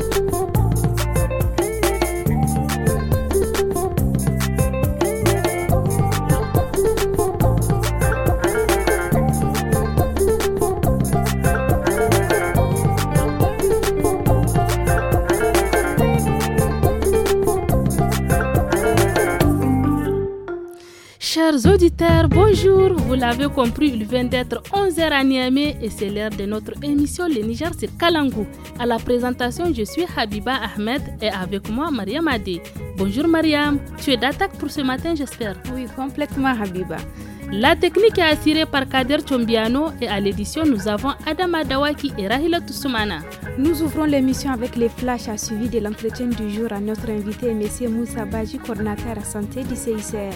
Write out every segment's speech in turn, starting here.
Thank you. bonjour. Vous l'avez compris, il vient d'être 11h à Niamey et c'est l'heure de notre émission Le Niger c'est Kalangou. À la présentation, je suis Habiba Ahmed et avec moi Mariam Adé. Bonjour Mariam, tu es d'attaque pour ce matin, j'espère. Oui, complètement Habiba. La technique est assurée par Kader Chombiano et à l'édition, nous avons Adam Adawaki et Rahila Toussoumana. Nous ouvrons l'émission avec les flashs à suivi de l'entretien du jour à notre invité, M. Moussa Baji, coordinateur à santé du CICR.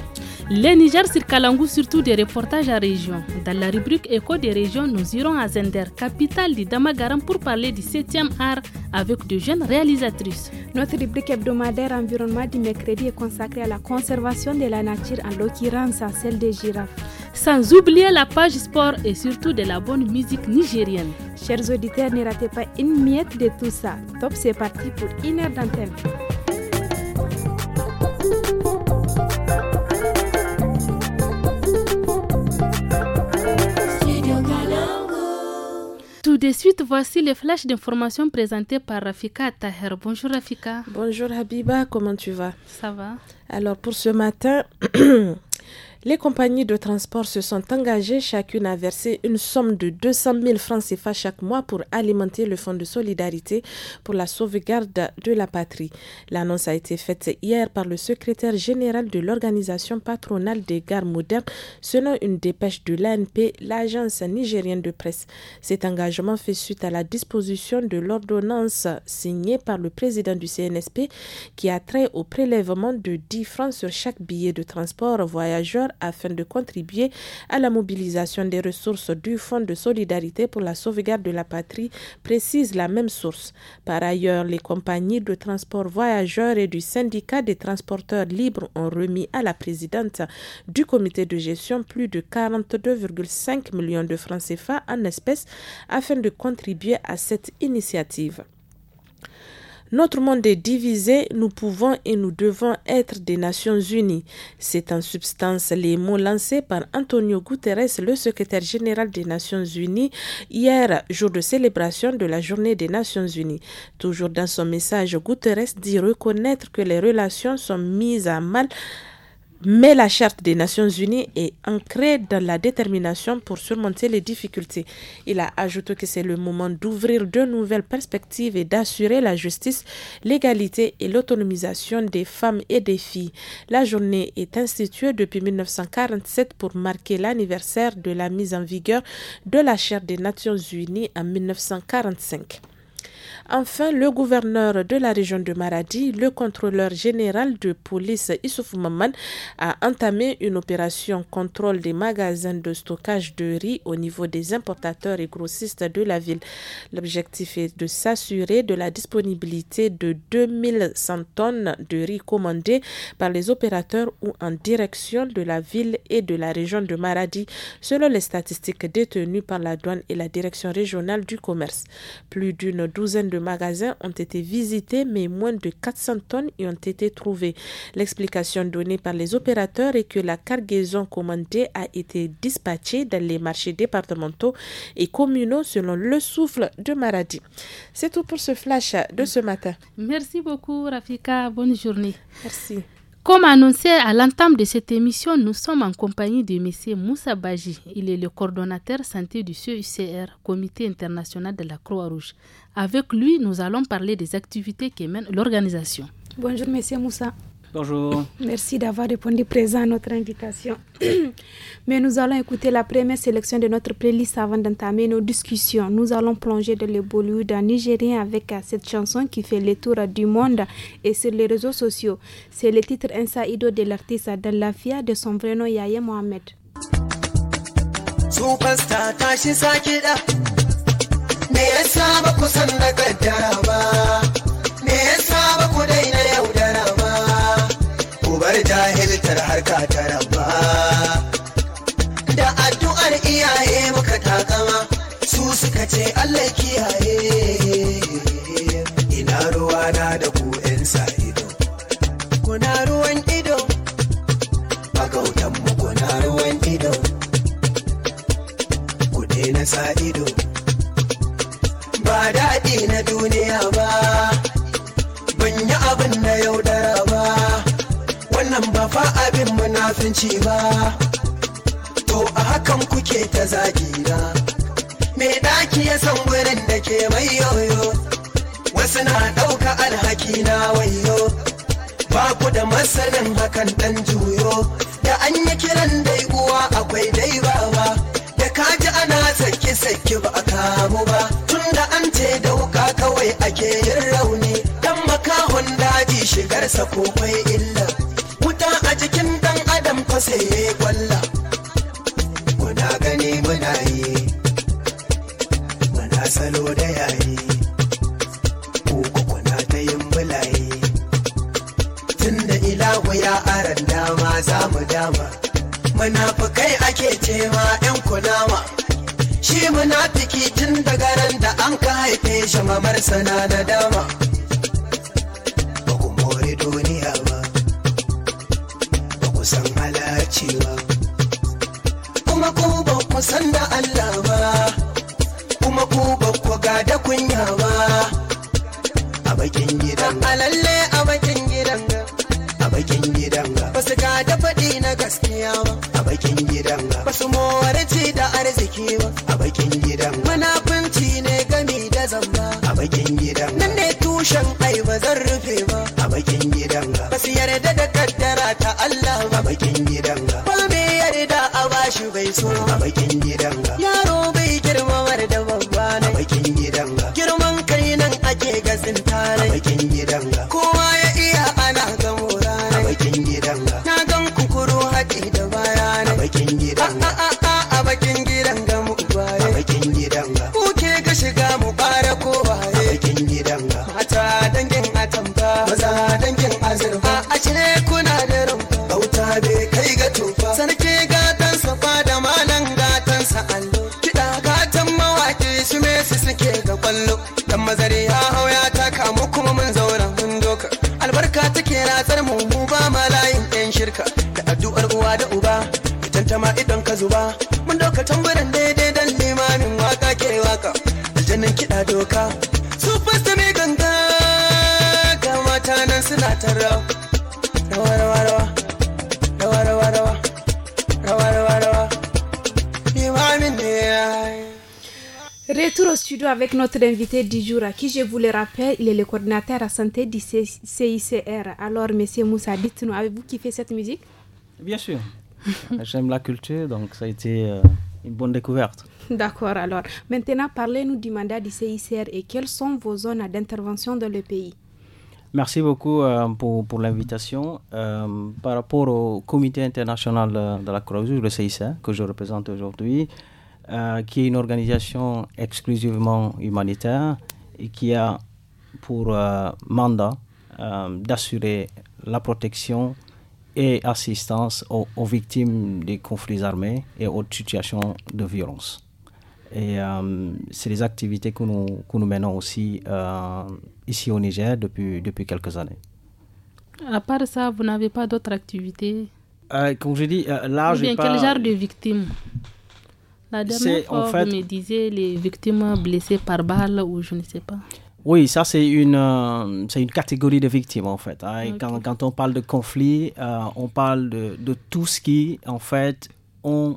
Le Niger sur surtout des reportages à région. Dans la rubrique Écho des régions, nous irons à Zender, capitale du Damagaram, pour parler du 7e art avec de jeunes réalisatrices. Notre rubrique hebdomadaire environnement du mercredi est consacrée à la conservation de la nature, en l'occurrence à celle des girafes sans oublier la page sport et surtout de la bonne musique nigérienne. Chers auditeurs, ne ratez pas une miette de tout ça. Top, c'est parti pour une heure d'antenne. Tout de suite, voici les flashs d'informations présentées par Rafika Taher. Bonjour Rafika. Bonjour Habiba, comment tu vas Ça va. Alors pour ce matin, Les compagnies de transport se sont engagées chacune à verser une somme de 200 000 francs CFA chaque mois pour alimenter le fonds de solidarité pour la sauvegarde de la patrie. L'annonce a été faite hier par le secrétaire général de l'organisation patronale des gares modernes selon une dépêche de l'ANP, l'agence nigérienne de presse. Cet engagement fait suite à la disposition de l'ordonnance signée par le président du CNSP qui a trait au prélèvement de 10 francs sur chaque billet de transport voyageur afin de contribuer à la mobilisation des ressources du Fonds de solidarité pour la sauvegarde de la patrie, précise la même source. Par ailleurs, les compagnies de transport voyageurs et du syndicat des transporteurs libres ont remis à la présidente du comité de gestion plus de 42,5 millions de francs CFA en espèces afin de contribuer à cette initiative. Notre monde est divisé, nous pouvons et nous devons être des Nations Unies. C'est en substance les mots lancés par Antonio Guterres, le secrétaire général des Nations Unies, hier, jour de célébration de la journée des Nations Unies. Toujours dans son message, Guterres dit reconnaître que les relations sont mises à mal mais la Charte des Nations Unies est ancrée dans la détermination pour surmonter les difficultés. Il a ajouté que c'est le moment d'ouvrir de nouvelles perspectives et d'assurer la justice, l'égalité et l'autonomisation des femmes et des filles. La journée est instituée depuis 1947 pour marquer l'anniversaire de la mise en vigueur de la Charte des Nations Unies en 1945. Enfin, le gouverneur de la région de Maradi, le contrôleur général de police Issouf Maman, a entamé une opération contrôle des magasins de stockage de riz au niveau des importateurs et grossistes de la ville. L'objectif est de s'assurer de la disponibilité de 2100 tonnes de riz commandées par les opérateurs ou en direction de la ville et de la région de Maradi, selon les statistiques détenues par la douane et la direction régionale du commerce. Plus d'une douzaine de magasins ont été visités, mais moins de 400 tonnes y ont été trouvées. L'explication donnée par les opérateurs est que la cargaison commandée a été dispatchée dans les marchés départementaux et communaux selon le souffle de Maradi. C'est tout pour ce flash de ce matin. Merci beaucoup, Rafika. Bonne journée. Merci. Comme annoncé à l'entame de cette émission, nous sommes en compagnie de M. Moussa Baji. Il est le coordonnateur santé du CUCR, Comité international de la Croix-Rouge. Avec lui, nous allons parler des activités que mène l'organisation. Bonjour, M. Moussa. Bonjour. Merci d'avoir répondu présent à notre invitation. Mais nous allons écouter la première sélection de notre playlist avant d'entamer nos discussions. Nous allons plonger dans le Bollywood nigérien avec euh, cette chanson qui fait le tour du monde et sur les réseaux sociaux. C'est le titre Insaido de l'artiste Lafia de son vrai nom Yaya Mohamed. Superstar tashi bar jahiltar harka ta rabba da addu'ar iyaye muka takama su suka ce Allah kiyaye ina ruwa na da ku sa ido kuna ruwan ido magautan mu kuna ruwan ido ku na sa ido ba daɗi na yin munafinci ba to a hakan kuke ta zagina me ɗaki ya san wurin da ke mai yoyo wasu na ɗauka alhaki na wayo ba ku da masanin hakan ɗan juyo da an yi kiran dai uwa akwai dai baba da kaji ana sake-sake ba a kamu ba tun da an ce dauka kawai ake yin rauni dan makahon daji shigarsa ko kwai illa saye kwalla muna gani muna yi muna salo da yayi kuku kuna ta yin bulaye tun da ilahu ya aran dama za mu dama munafukai ake cewa yan kunama shi munafiki tun daga ran da an ka haife shi mamar sana na dama kunya ba a bakin gidan a lalle a bakin gidan a bakin gidan ba su ga faɗi na gaskiya ba a bakin gidan ba su mowarci da arziki ba a bakin gidan munafunci ne gami da zamba a bakin gidan nan ne tushen ai ba zan rufe ba a bakin gidan ba su yarda da kaddara ta Allah ba a bakin gidan ba me yarda a bashi bai so a bakin suke ga kwallo dan mazare ya hau ya taka mu kuma mun zauna mun doka albarka take ratsar mu mu ba malayin layin yan shirka da addu'ar uwa da uba idan ta ma idan ka zuba mun doka tambaran daidai dan limamin waka ke waka aljannan kiɗa doka avec notre invité du jour, à qui je vous le rappelle, il est le coordinateur à santé du CICR. Alors, monsieur Moussa, dites-nous, avez-vous kiffé cette musique Bien sûr. J'aime la culture, donc ça a été euh, une bonne découverte. D'accord, alors. Maintenant, parlez-nous du mandat du CICR et quelles sont vos zones d'intervention dans le pays Merci beaucoup euh, pour, l'invitation. Euh, par rapport au comité international de la Croix-Rouge, le CICR, que je représente aujourd'hui, euh, qui est une organisation exclusivement humanitaire et qui a pour euh, mandat euh, d'assurer la protection et assistance aux, victimes des conflits armés et aux situations de violence. Et c'est les activités que nous, que nous menons aussi ici au Niger depuis, depuis quelques années. À part ça, vous n'avez pas d'autres activités Comme je dis, là, je. Pas... Quel genre de victimes la dernière fois, vous me disiez les victimes blessées par balle ou je ne sais pas. Oui, ça c'est une, euh, une catégorie de victimes en fait. Hein. Quand, on parle de conflit, euh, on parle de, de, tout ce qui en fait ont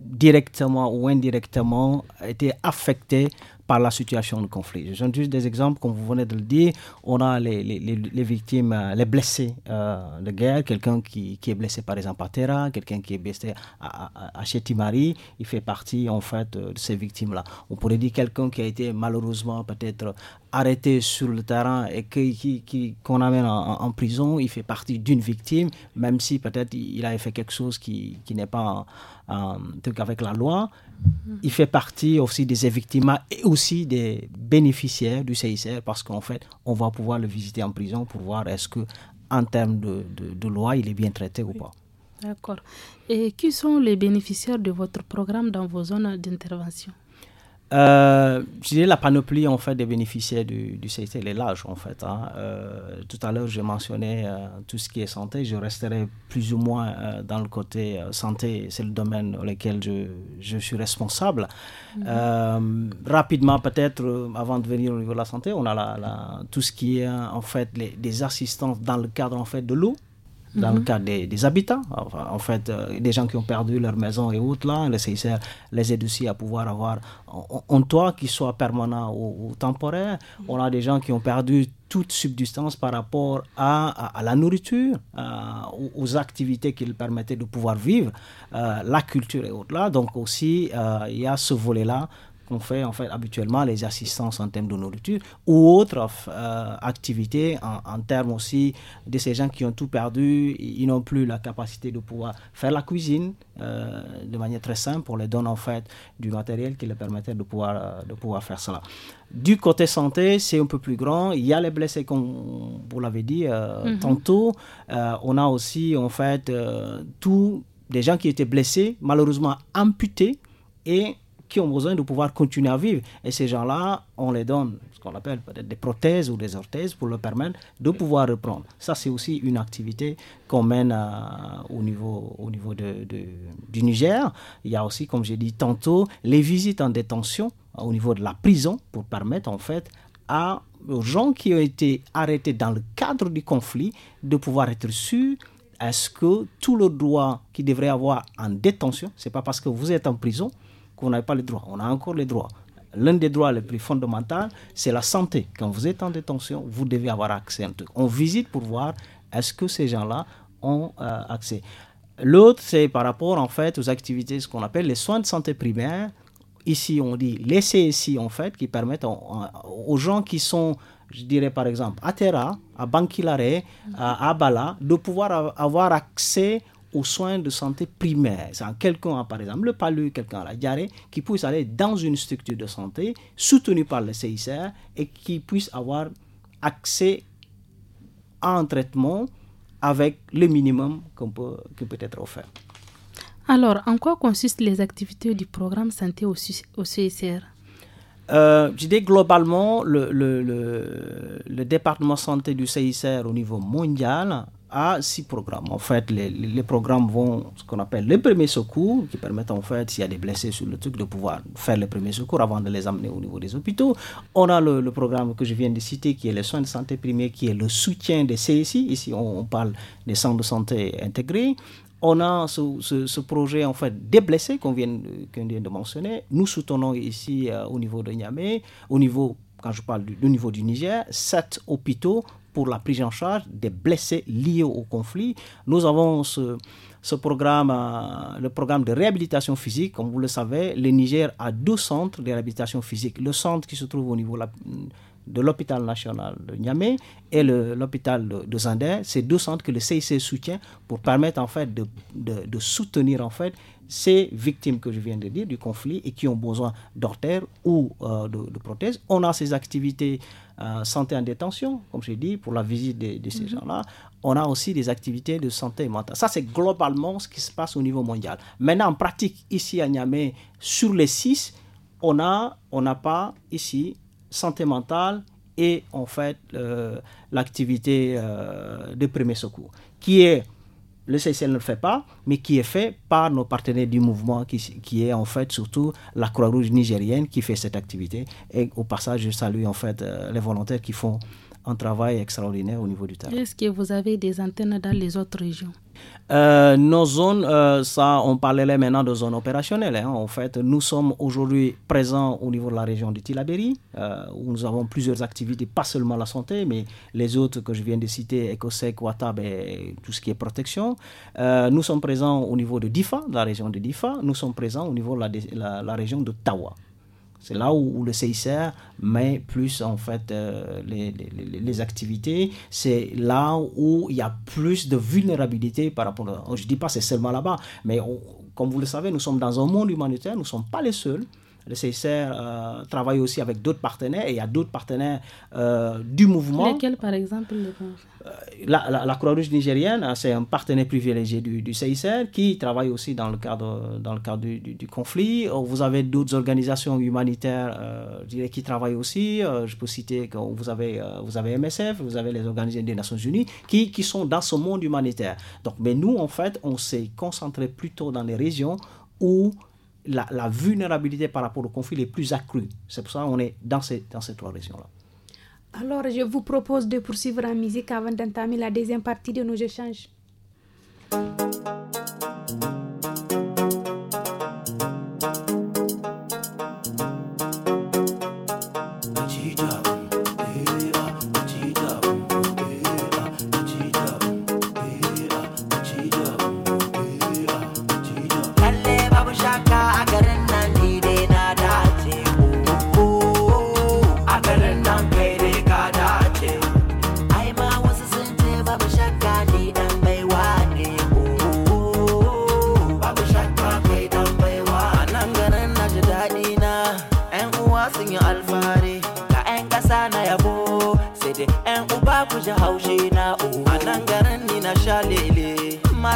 directement ou indirectement été affecté par la situation de conflit. Je donne juste des exemples, comme vous venez de le dire. On a les, les, les victimes, euh, les blessés euh, de guerre. Quelqu'un qui, qui, est blessé, par exemple, à Terra, quelqu'un qui est blessé à, à, à Chetimari, il fait partie, en fait, euh, de ces victimes-là. On pourrait dire quelqu'un qui a été malheureusement peut-être arrêté sur le terrain et qu'on qui, amène en, en, prison, il fait partie d'une victime, même si peut-être il a fait quelque chose qui, qui n'est pas euh, donc avec la loi. Il fait partie aussi des victimes et aussi des bénéficiaires du CICR parce qu'en fait, on va pouvoir le visiter en prison pour voir est-ce que en termes de, de, loi, il est bien traité ou pas. D'accord. Et qui sont les bénéficiaires de votre programme dans vos zones d'intervention euh, je la panoplie en fait des bénéficiaires du, CIT, les larges en fait. Hein. Euh, tout à l'heure, j'ai mentionné euh, tout ce qui est santé. Je resterai plus ou moins dans le côté santé. C'est le domaine auquel je, je suis responsable. Mm-hmm. rapidement, peut-être avant de venir au niveau de la santé, on a tout ce qui est en fait des assistances dans le cadre en fait de l'eau dans le mhm. cas des, habitants, en fait, euh, des gens qui ont perdu leur maison et autres, là, les CICR les aident aussi à pouvoir avoir un, toit qui soit permanent ou, temporaire. Mhm. On a des gens qui ont perdu toute subsistance par rapport à, à, la nourriture, euh, aux, activités qui leur permettaient de pouvoir vivre, euh, la culture et autres. Là. Donc aussi, il y a ce volet-là qu'on fait en fait habituellement les assistances en termes de nourriture ou autres euh, activités en, termes aussi de ces gens qui ont tout perdu, ils n'ont plus la capacité de pouvoir faire la cuisine euh, de manière très simple. pour les donne en fait du matériel qui leur permettait de pouvoir, euh, de pouvoir faire cela. Du côté santé, c'est un peu plus grand. Il y a les blessés, comme vous l'avez dit mhm. tantôt. on a aussi en fait des gens qui étaient blessés, malheureusement amputés et qui ont besoin de pouvoir continuer à vivre. Et ces gens-là, on les donne ce qu'on appelle des prothèses ou des orthèses pour leur permettre de pouvoir reprendre. Ça, c'est aussi une activité qu'on mène euh, au niveau, au niveau du Niger. Il y a aussi, comme j'ai dit tantôt, les visites en détention euh, au niveau de la prison pour permettre en fait à aux gens qui ont été arrêtés dans le cadre du conflit de pouvoir être sûrs est-ce que tout le droit qu'ils devraient avoir en détention, c'est pas parce que vous êtes en prison vous n'avez pas les droits. On a encore les droits. L'un des droits les plus fondamentaux, c'est la santé. Quand vous êtes en détention, vous devez avoir accès à un truc. On visite pour voir est-ce que ces gens-là ont euh, accès. L'autre, c'est par rapport en fait aux activités, ce qu'on appelle les soins de santé primaires. Ici, on dit les CSI en fait, qui permettent aux gens qui sont je dirais par exemple, à Terra, à Bankilare, à Bala, de pouvoir avoir accès aux soins de santé primaires. Quelqu'un a par exemple le palu, quelqu'un a la diarrhée, qui puisse aller dans une structure de santé soutenue par le CICR et qui puisse avoir accès à un traitement avec le minimum qu'on peut, qui peut être offert. Alors, en quoi consistent les activités du programme santé au, CICR euh, je dis globalement, le, le, département santé du CICR au niveau mondial à six programmes. En fait, les, programmes vont, ce qu'on appelle les premiers secours, qui permettent en fait, s'il y a des blessés sur le truc, de pouvoir faire les premiers secours avant de les amener au niveau des hôpitaux. On a le, programme que je viens de citer, qui est les soins de santé primaire, qui est le soutien des CSI. Ici, on, parle des centres de santé intégrés on a ce, projet en fait des blessés qu'on vient, de mentionner. Nous soutenons ici euh, au niveau de Niamey, au niveau quand je parle du niveau du Niger, sept hôpitaux pour la prise en charge des blessés liés au conflit. Nous avons ce, programme, euh, le programme de réhabilitation physique. Comme vous le savez, le Niger a deux centres de réhabilitation physique. Le centre qui se trouve au niveau de l'hôpital national de Niamey et l'hôpital de, de Zander. Ces deux centres que le CIC soutient pour permettre en fait de, soutenir en fait ces victimes que je viens de dire du conflit et qui ont besoin d'ortères ou euh, de, prothèses. On a ces activités euh, santé en détention, comme j'ai dit, pour la visite de, ces mhm. gens-là. On a aussi des activités de santé mentale. Ça, c'est globalement ce qui se passe au niveau mondial. Maintenant, en pratique, ici à Niamey, sur les six, on n'a on pas ici santé mentale et en fait euh, l'activité euh, de premier secours, qui est le CCL ne le fait pas, mais qui est fait par nos partenaires du mouvement, qui, est en fait surtout la Croix-Rouge nigérienne qui fait cette activité. Et au passage, je salue en fait euh, les volontaires qui font un travail extraordinaire au niveau du terrain. Est-ce que vous avez des antennes dans les autres régions euh, Nos zones, euh, ça, on parlait là maintenant de zones opérationnelles. Hein. En fait, nous sommes aujourd'hui présents au niveau de la région de Tilaberi, euh, où nous avons plusieurs activités, pas seulement la santé, mais les autres que je viens de citer, Ecosec, Watab et tout ce qui est protection. nous sommes présents au niveau de Difa, la région de Difa. Nous sommes présents au niveau de la, la, la région de Tawa. C'est là où, le CICR met plus en fait euh, les, activités. C'est là où il y a plus de vulnérabilité par rapport. À... Je dis pas c'est seulement là-bas, mais comme vous le savez, nous sommes dans un monde humanitaire. Nous ne sommes pas les seuls. Le CICR euh, travaille aussi avec d'autres partenaires et il y a d'autres partenaires euh, du mouvement. Lesquels, par exemple euh, La, la, Croix-Rouge nigérienne, hein, c'est un partenaire privilégié du, CICR qui travaille aussi dans le cadre, dans le cadre du, conflit. Vous avez d'autres organisations humanitaires qui travaillent aussi. je peux citer que vous avez, vous avez MSF, vous avez les organisations des Nations Unies qui, qui sont dans ce monde humanitaire. Donc, mais nous, en fait, on s'est concentré plutôt dans les régions où la, vulnérabilité par rapport au conflit est plus accrue. C'est pour ça qu'on est dans ces, dans ces trois régions-là. Alors, je vous propose de poursuivre en musique avant d'entamer la deuxième partie de nos échanges.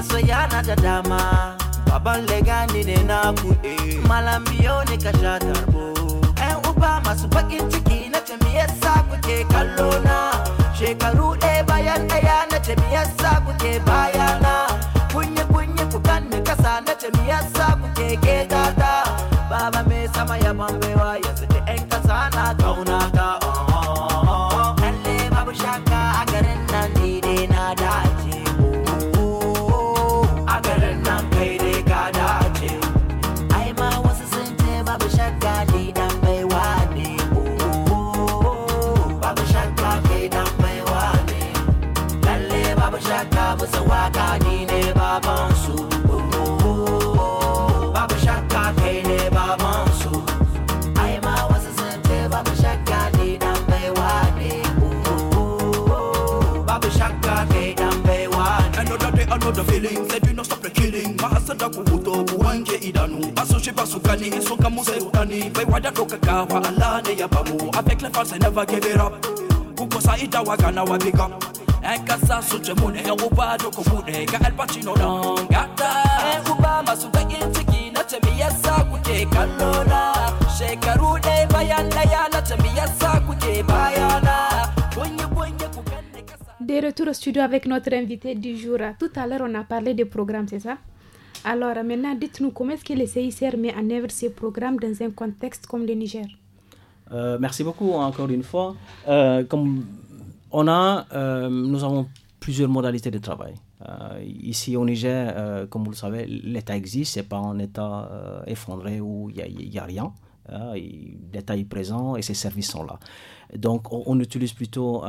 masayana da dama baban ne eh. eh, na ku e biyo ne ka sha uba masu bakin ciki na ce me yasa kuke kallo na shekaru ɗaya bayan ɗaya na ce me kuke bayana kunye kunye ku kan ni kasa na ce me yasa kuke ketata baba mai sama ya bambewa ya sukani bai muserutani vaiwadatoka kawa alane ya bamu avec les fans never give it up kukosa itawagana wapiga ekasa sutemune eubadokomune ga elpacino nangata ekubama eh, suka intiki natemiyasa kuje kallona shekaru dai bayan daya natemiyasa kuje bayana kunyi kunyi kukan De retour au studio avec notre invité du jour. Tout à l'heure, on a parlé des programmes, c'est ça alors maintenant, dites-nous comment est-ce que le CICR met en œuvre ces programmes dans un contexte comme le Niger euh, Merci beaucoup encore une fois. Euh, comme on a, euh, nous avons plusieurs modalités de travail. ici au Niger, comme vous le savez, l'État existe, n'est pas un État effondré où il n'y a, rien. L'État est présent et ses services sont là. Donc on, utilise plutôt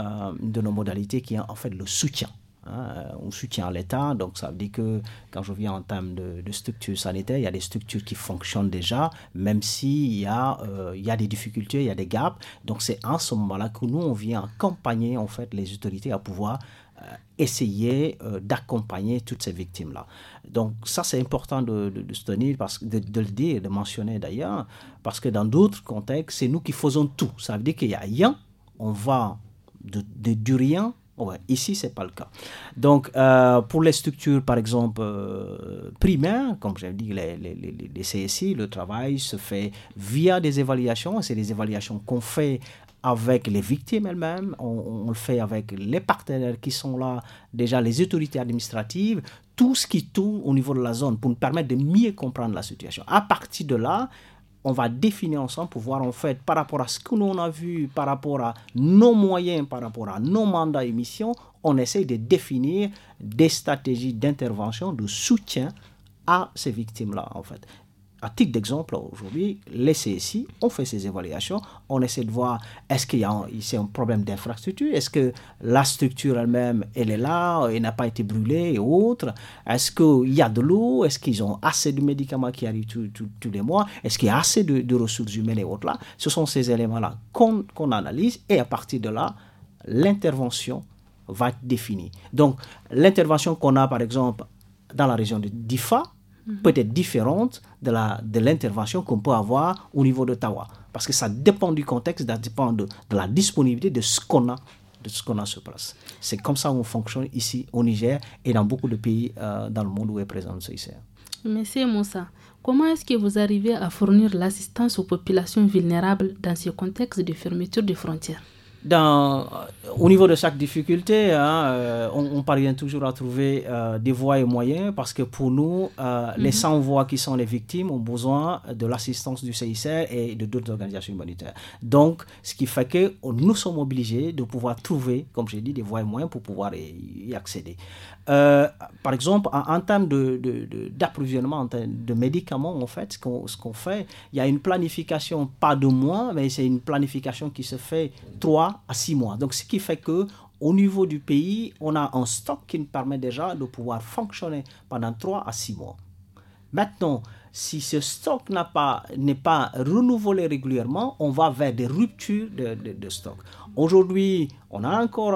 de nos modalités qui est en fait le soutien Hein, on soutient l'État, donc ça veut dire que quand je viens en termes de, de structures sanitaires, il y a des structures qui fonctionnent déjà, même s'il y, a, euh, il y a des difficultés, il y a des gaps. Donc c'est en ce moment-là que nous, on vient accompagner en fait les autorités à pouvoir euh, essayer euh, d'accompagner toutes ces victimes-là. Donc ça, c'est important de, se tenir, parce, de, le dire, de mentionner d'ailleurs, parce que dans d'autres contextes, c'est nous qui faisons tout. Ça veut dire qu'il y a rien, on va de, du rien ici, ce n'est pas le cas. Donc, euh, pour les structures, par exemple, euh, primaires, comme j'ai dit, les, les, les, CSI, le travail se fait via des évaluations. C'est des évaluations qu'on fait avec les victimes elles-mêmes, on, on, le fait avec les partenaires qui sont là, déjà les autorités administratives, tout ce qui tourne au niveau de la zone pour nous permettre de mieux comprendre la situation. À partir de là, on va définir ensemble pour voir en fait par rapport à ce que nous on a vu, par rapport à nos moyens, par rapport à nos mandats et missions, on essaye de définir des stratégies d'intervention, de soutien à ces victimes-là en fait à titre d'exemple, aujourd'hui, les CSI on fait ces évaluations. On essaie de voir est-ce qu'il y a un, un problème d'infrastructure Est-ce que la structure elle-même, elle est là, elle n'a pas été brûlée et autres Est-ce qu'il y a de l'eau Est-ce qu'ils ont assez de médicaments qui arrivent tous les mois Est-ce qu'il y a assez de, ressources humaines et autres là Ce sont ces éléments-là qu'on analyse et à partir de là, l'intervention va être définie. Donc, l'intervention qu'on a, par exemple, dans la région de DIFA, Mhm. peut-être différente de l'intervention de qu'on peut avoir au niveau d'Ottawa. Parce que ça dépend du contexte, ça dépend de, la disponibilité de ce qu'on a de ce qu'on a sur place. C'est comme ça qu'on fonctionne ici au Niger et dans beaucoup de pays euh, dans le monde où est présent ce CICR. Monsieur Moussa, comment est-ce que vous arrivez à fournir l'assistance aux populations vulnérables dans ce contexte de fermeture des frontières dans, au niveau de chaque difficulté, hein, euh, on, parvient toujours à trouver euh, des voies et moyens parce que pour nous, euh, les 100 mhm. voix qui sont les victimes ont besoin de l'assistance du CICR et de d'autres organisations humanitaires. Donc, ce qui fait que nous sommes obligés de pouvoir trouver, comme j'ai dit, des voies et moyens pour pouvoir y, accéder. par exemple, en, termes d'approvisionnement de, de, médicaments, en fait, ce qu'on fait, il y a une planification, pas de mois, mais c'est une planification qui se fait trois à 6 mois. Donc, ce qui fait que au niveau du pays, on a un stock qui nous permet déjà de pouvoir fonctionner pendant 3 à 6 mois. Maintenant, si ce stock n'est pas, pas renouvelé régulièrement, on va vers des ruptures de, de, stock. Aujourd'hui, on a encore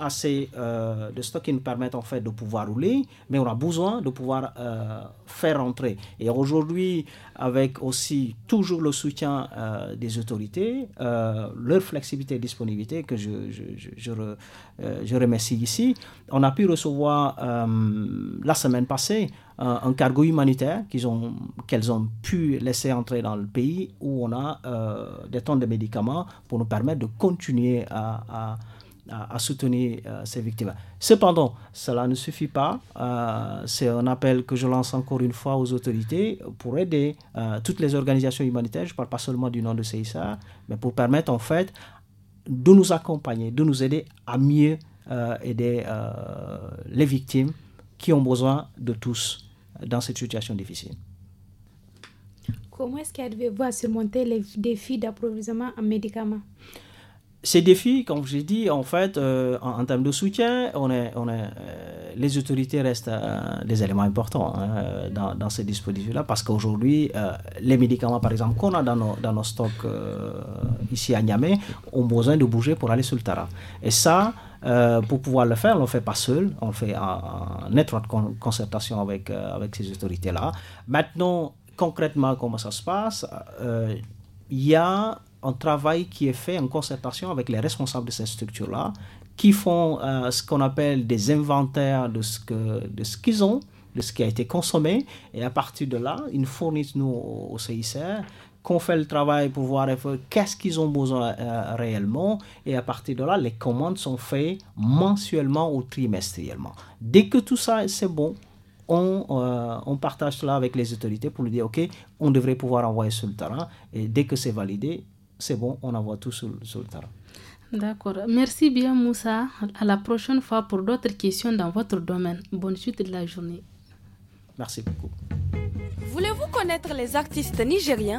assez euh, de stocks qui nous permettent en fait de pouvoir rouler, mais on a besoin de pouvoir euh, faire rentrer. Et aujourd'hui, avec aussi toujours le soutien euh, des autorités, leur flexibilité et disponibilité, que je, je, je, je, je remercie ici, on a pu recevoir la semaine passée un cargo humanitaire qu'elles ont, qu'elles ont pu laisser entrer dans le pays où on a euh, des tonnes de médicaments pour nous permettre de continuer à, soutenir euh, ces victimes. Cependant, cela ne suffit pas. Euh, c'est un appel que je lance encore une fois aux autorités pour aider toutes les organisations humanitaires, je ne parle pas seulement du nom de CISA, mais pour permettre en fait de nous accompagner, de nous aider à mieux aider les victimes qui ont besoin de tous dans cette situation difficile. Comment est-ce qu'arrivez-vous à surmonter les défis d'approvisionnement en médicaments ces défis, comme j'ai dit, en fait, euh, en, termes de soutien, on est, on est, euh, les autorités restent euh, des éléments importants hein, dans, ces dispositifs-là, parce qu'aujourd'hui, les médicaments, par exemple, qu'on a dans nos, dans nos stocks ici à Niamey, ont besoin de bouger pour aller sur le terrain. Et ça, euh, pour pouvoir le faire, on ne le fait pas seul, on le fait en, étroite concertation avec, euh, avec ces autorités-là. Maintenant, concrètement, comment ça se passe euh, Il y a un travail qui est fait en concertation avec les responsables de ces structures-là, qui font ce qu'on appelle des inventaires de ce qu'ils ont de ce qui a été consommé. Et à partir de là, ils fournissent nous au CICR qu'on fait le travail pour voir qu'est-ce qu'ils ont besoin euh, réellement. Et à partir de là, les commandes sont faites mensuellement ou trimestriellement. Dès que tout ça, c'est bon, on, euh, on, partage cela avec les autorités pour lui dire, OK, on devrait pouvoir envoyer sur le terrain. Et dès que c'est validé, c'est bon, on envoie tout sur, sur le terrain. D'accord. Merci bien, Moussa. À la prochaine fois pour d'autres questions dans votre domaine. Bonne suite de la journée. Merci beaucoup. Voulez-vous connaître les artistes nigériens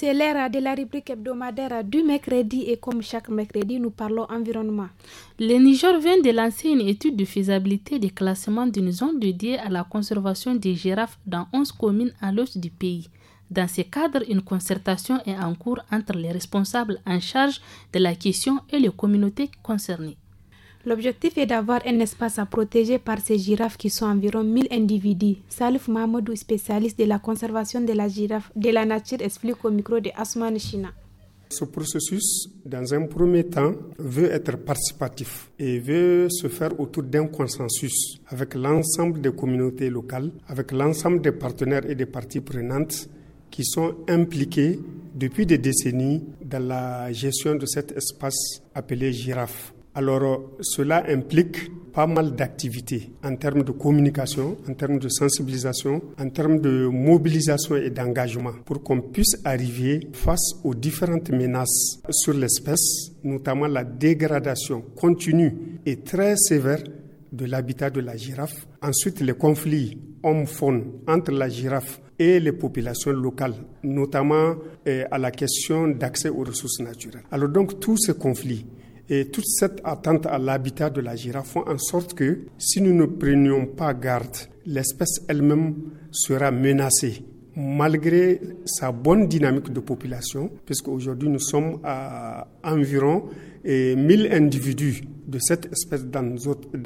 C'est l'ère de la rubrique hebdomadaire du mercredi et comme chaque mercredi, nous parlons environnement. Le Niger vient de lancer une étude de faisabilité des classements d'une zone dédiée à la conservation des girafes dans 11 communes à l'ouest du pays. Dans ce cadre, une concertation est en cours entre les responsables en charge de la question et les communautés concernées. L'objectif est d'avoir un espace à protéger par ces girafes qui sont environ 1000 individus. Salif Mahmoudou, spécialiste de la conservation de la girafe de la nature, explique au micro de Asman China. Ce processus, dans un premier temps, veut être participatif et veut se faire autour d'un consensus avec l'ensemble des communautés locales, avec l'ensemble des partenaires et des parties prenantes qui sont impliqués depuis des décennies dans la gestion de cet espace appelé girafe. Alors euh, cela implique pas mal d'activités en termes de communication, en termes de sensibilisation, en termes de mobilisation et d'engagement pour qu'on puisse arriver face aux différentes menaces sur l'espèce, notamment la dégradation continue et très sévère de l'habitat de la girafe. Ensuite, les conflits hommes-faune entre la girafe et les populations locales, notamment euh, à la question d'accès aux ressources naturelles. Alors donc, tous ces conflits et toute cette attente à l'habitat de la girafe font en sorte que si nous ne prenions pas garde, l'espèce elle-même sera menacée malgré sa bonne dynamique de population, puisque aujourd'hui nous sommes à environ 1000 eh, individus de cette espèce dans,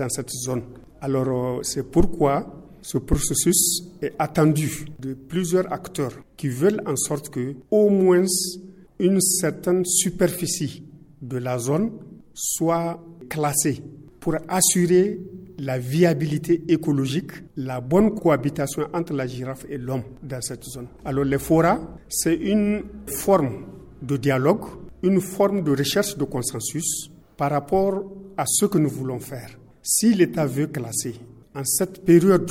cette zone. Alors euh, c'est pourquoi ce processus est attendu de plusieurs acteurs qui veulent en sorte que au moins une certaine superficie de la zone soit classé pour assurer la viabilité écologique, la bonne cohabitation entre la girafe et l'homme dans cette zone. Alors les forats, c'est une forme de dialogue, une forme de recherche de consensus par rapport à ce que nous voulons faire. Si l'État veut classer en cette période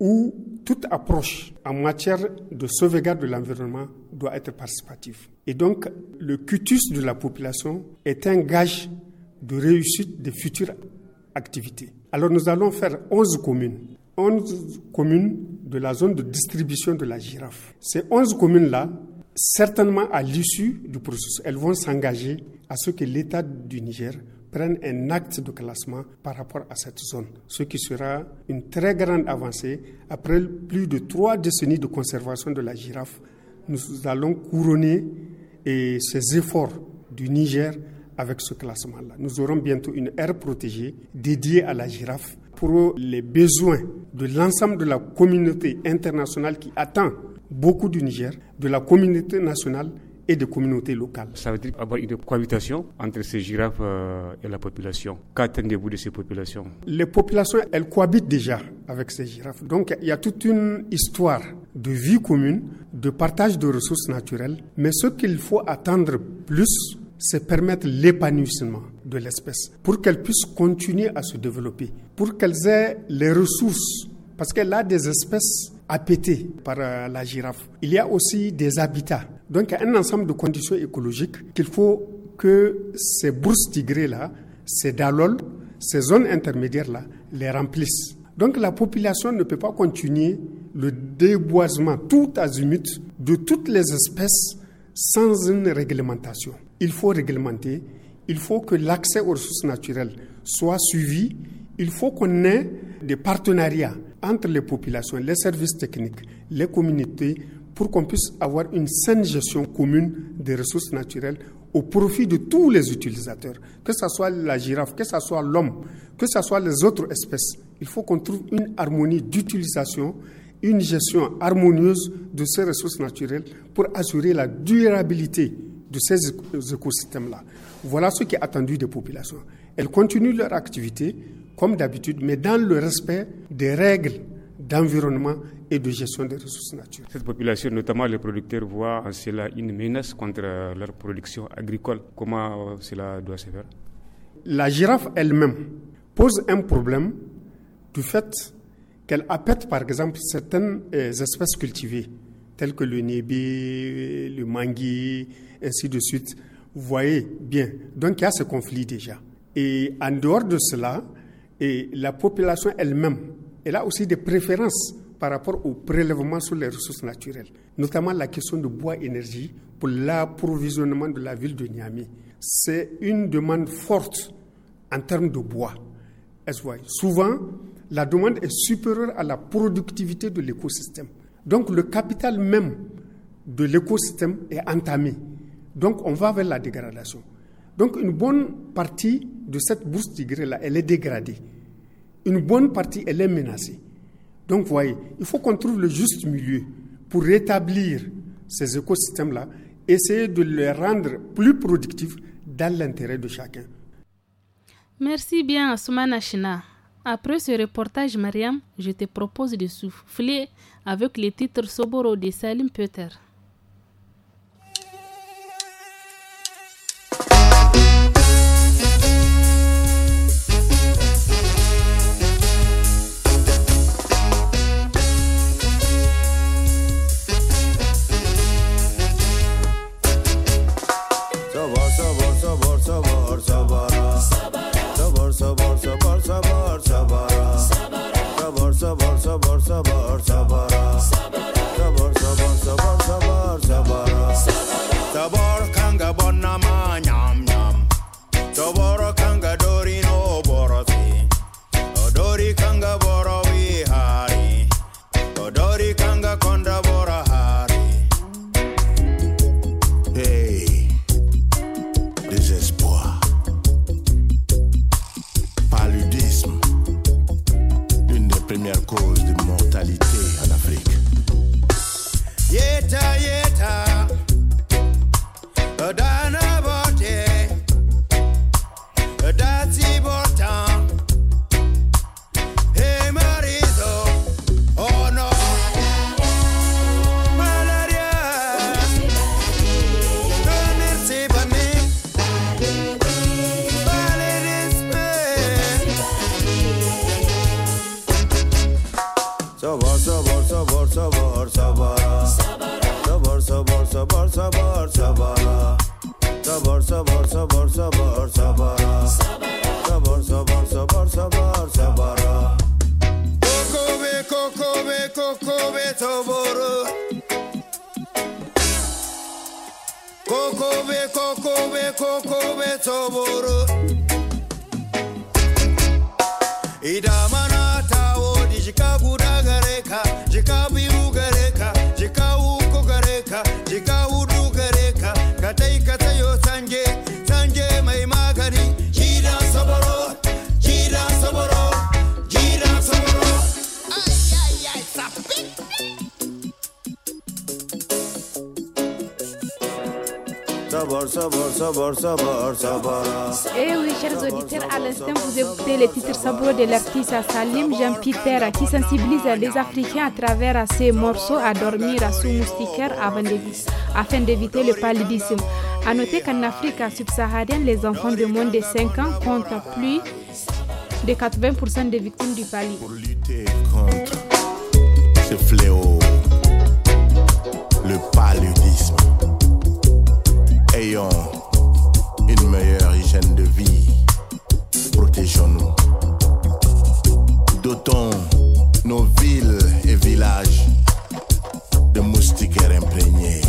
où toute approche en matière de sauvegarde de l'environnement doit être participative. Et donc, le cutus de la population est un gage de réussite des futures activités. Alors nous allons faire 11 communes, 11 communes de la zone de distribution de la girafe. Ces 11 communes-là, certainement à l'issue du processus, elles vont s'engager à ce que l'État du Niger prenne un acte de classement par rapport à cette zone, ce qui sera une très grande avancée. Après plus de trois décennies de conservation de la girafe, nous allons couronner et ces efforts du Niger avec ce classement-là. Nous aurons bientôt une aire protégée dédiée à la girafe pour les besoins de l'ensemble de la communauté internationale qui attend beaucoup du Niger, de la communauté nationale et des communautés locales. Ça veut dire avoir une cohabitation entre ces girafes euh, et la population. Qu'attendez-vous de ces populations Les populations, elles cohabitent déjà avec ces girafes. Donc il y a toute une histoire de vie commune, de partage de ressources naturelles. Mais ce qu'il faut attendre plus, c'est permettre l'épanouissement de l'espèce pour qu'elle puisse continuer à se développer, pour qu'elle ait les ressources, parce qu'elle a des espèces appétées par euh, la girafe. Il y a aussi des habitats. Donc, il y a un ensemble de conditions écologiques qu'il faut que ces bourses tigrées-là, ces dalols, ces zones intermédiaires-là, les remplissent. Donc, la population ne peut pas continuer le déboisement tout azimut de toutes les espèces sans une réglementation il faut réglementer, il faut que l'accès aux ressources naturelles soit suivi, il faut qu'on ait des partenariats entre les populations, les services techniques, les communautés, pour qu'on puisse avoir une saine gestion commune des ressources naturelles au profit de tous les utilisateurs, que ce soit la girafe, que ce soit l'homme, que ce soit les autres espèces. Il faut qu'on trouve une harmonie d'utilisation, une gestion harmonieuse de ces ressources naturelles pour assurer la durabilité de ces écosystèmes-là. Voilà ce qui est attendu des populations. Elles continuent leur activité comme d'habitude, mais dans le respect des règles d'environnement et de gestion des ressources naturelles. Cette population, notamment les producteurs, voient en cela une menace contre leur production agricole. Comment euh, cela doit se faire La girafe elle-même pose un problème du fait qu'elle appelle par exemple certaines euh, espèces cultivées tels que le nébé, le mangui, ainsi de suite. Vous voyez bien. Donc il y a ce conflit déjà. Et en dehors de cela, et la population elle-même, elle a aussi des préférences par rapport au prélèvement sur les ressources naturelles, notamment la question de bois énergie pour l'approvisionnement de la ville de Niamey. C'est une demande forte en termes de bois. Souvent, la demande est supérieure à la productivité de l'écosystème. Donc le capital même de l'écosystème est entamé. Donc on va vers la dégradation. Donc une bonne partie de cette bourse tigrée-là, elle est dégradée. Une bonne partie, elle est menacée. Donc voyez, il faut qu'on trouve le juste milieu pour rétablir ces écosystèmes-là, essayer de les rendre plus productifs dans l'intérêt de chacun. Merci bien, Soumana China. Après ce reportage, Mariam, je te propose de souffler avec les titres Soboro de Salim Peter. l'artiste Salim jean pierre qui sensibilise les Africains à travers ses morceaux à dormir sous moustiquaire afin d'éviter le paludisme. A noter qu'en Afrique subsaharienne, les enfants de moins de 5 ans comptent plus de 80% des victimes du paludisme. Pour lutter contre ce fléau, le paludisme, ayons une meilleure hygiène de vie, protégeons-nous. Dotons nos villes et villages de moustiquaires imprégnés.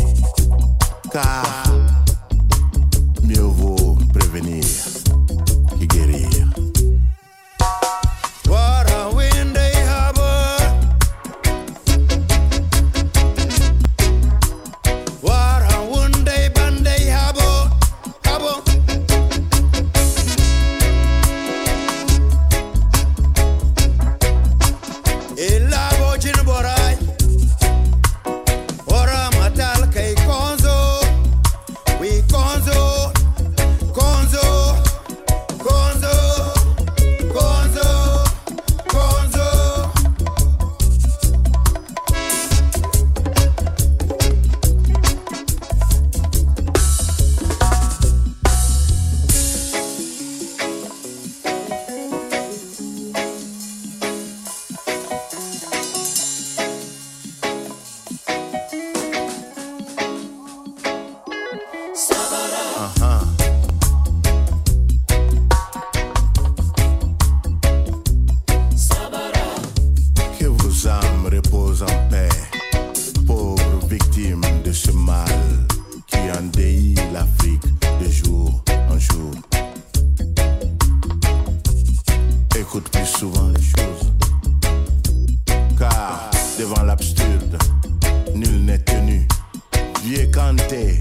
santé.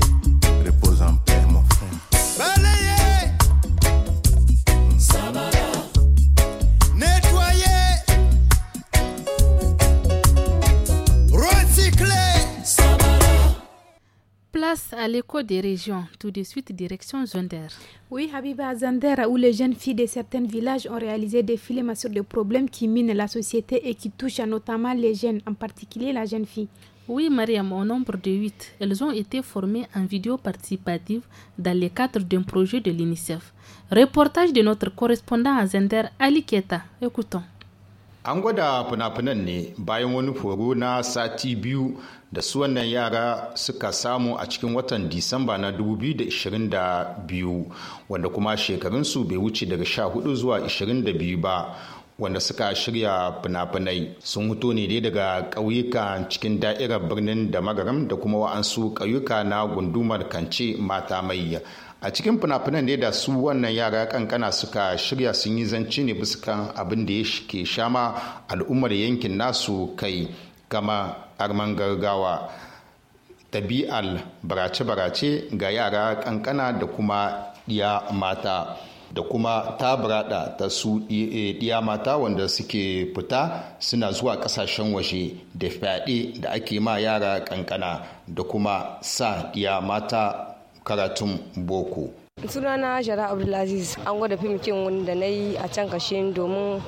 Repose en paix, mon frère. Balayé, Samara. Nettoyé, Samara. Place à l'écho des régions, tout de suite direction Zander. Oui, Habiba Zander, où les jeunes filles de certains villages ont réalisé des films sur des problèmes qui minent la société et qui touchent notamment les jeunes, en particulier la jeune fille. Oui, Mariam, au nombre de 8, elles ont été formées en vidéo participative dans le cadre d'un projet de l'UNICEF. Reportage de notre correspondant à Zender, Ali Keta. Écoutons. An gwada fina ne bayan wani horo na sati biyu da su wannan yara suka samu a cikin watan Disamba na 2022 wanda kuma shekarunsu bai wuce daga 14 zuwa 22 ba. wanda suka shirya fina-finai sun hito ne dai daga ƙauyuka cikin da'irar birnin da magaram da kuma wa'ansu ƙauyuka na gundumar kance mata mai a cikin fina-finan da su wannan yara kankana suka shirya sun yi zance ne bisa kan abin da ya ke shama al'ummar yankin nasu kai gama arman gargawa tabi'al barace-barace ga yara kankana da kuma ya mata da kuma tabrada ta su e ɗiya mata wanda suke fita suna zuwa kasashen waje da fyaɗe da ake ma yara kankana da kuma sa ɗiya mata karatun boko. sunana jara abdulaziz an gwada fim kin wanda na yi a can kashe domin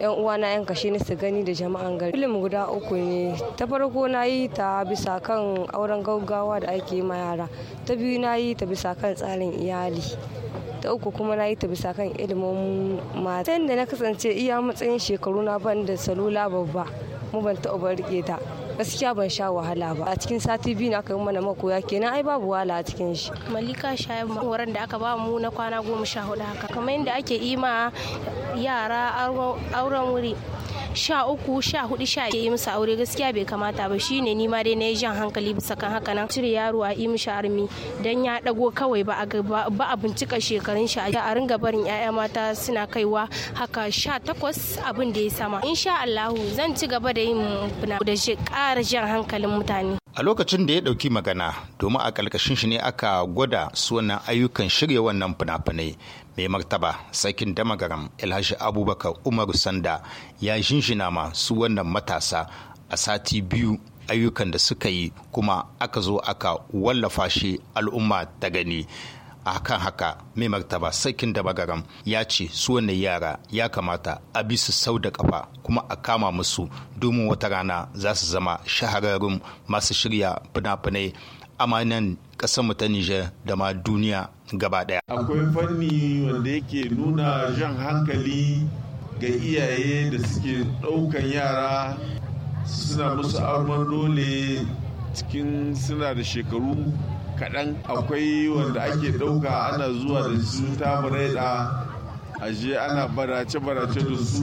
yan uwana yan kashe ni su gani da jama'an gari film guda uku ne ta farko na yi ta bisa kan auren gaugawa da ake ma yara ta biyu na yi ta bisa kan tsarin iyali ta uku kuma na yi ta bisa kan ilimin mata da na kasance iya matsayin shekaru na ban da salula babba mu ban taɓa ban rike ta gaskiya ban sha wahala ba a cikin sati biyu na aka mana makoya kenan ai babu wahala a cikin shi malika shayan horon da aka ba mu na kwana goma sha hudu haka kamar yadda ake yi ma yara auren wuri sha uku sha hudu sha ke yi musu aure gaskiya bai kamata ba shine ni ma dai na yi jan hankali bisa kan haka nan cire yaro a yi mishi armi dan ya dago kawai ba a bincika shekarun shi a ringa barin 'ya'ya mata suna kaiwa haka sha takwas abin da ya sama insha Allahu zan ci gaba da yin da kara jan hankalin mutane a lokacin da ya ɗauki magana domin a ƙarƙashin shi ne aka gwada su wannan ayyukan shirya wannan fina-finai mai martaba sarkin damagaram ilhashi abubakar umaru sanda ya shinshina ma su wannan matasa a sati biyu ayyukan da suka yi kuma aka zo aka wallafa shi al'umma ta gani a kan haka mai martaba sarkin da bagaram ya ce su wannan yara ya kamata a bi su sau da kafa kuma a kama musu domin wata rana za su zama shahararrun masu shirya fina-finai amanan kasar ta Nijar da ma duniya gaba ɗaya. Akwai fanni wanda yake nuna jan hankali ga iyaye da suke ɗaukan yara suna musu dole cikin suna da shekaru kaɗan akwai wanda ake ɗauka ana zuwa da su ta da je ana barace-barace da su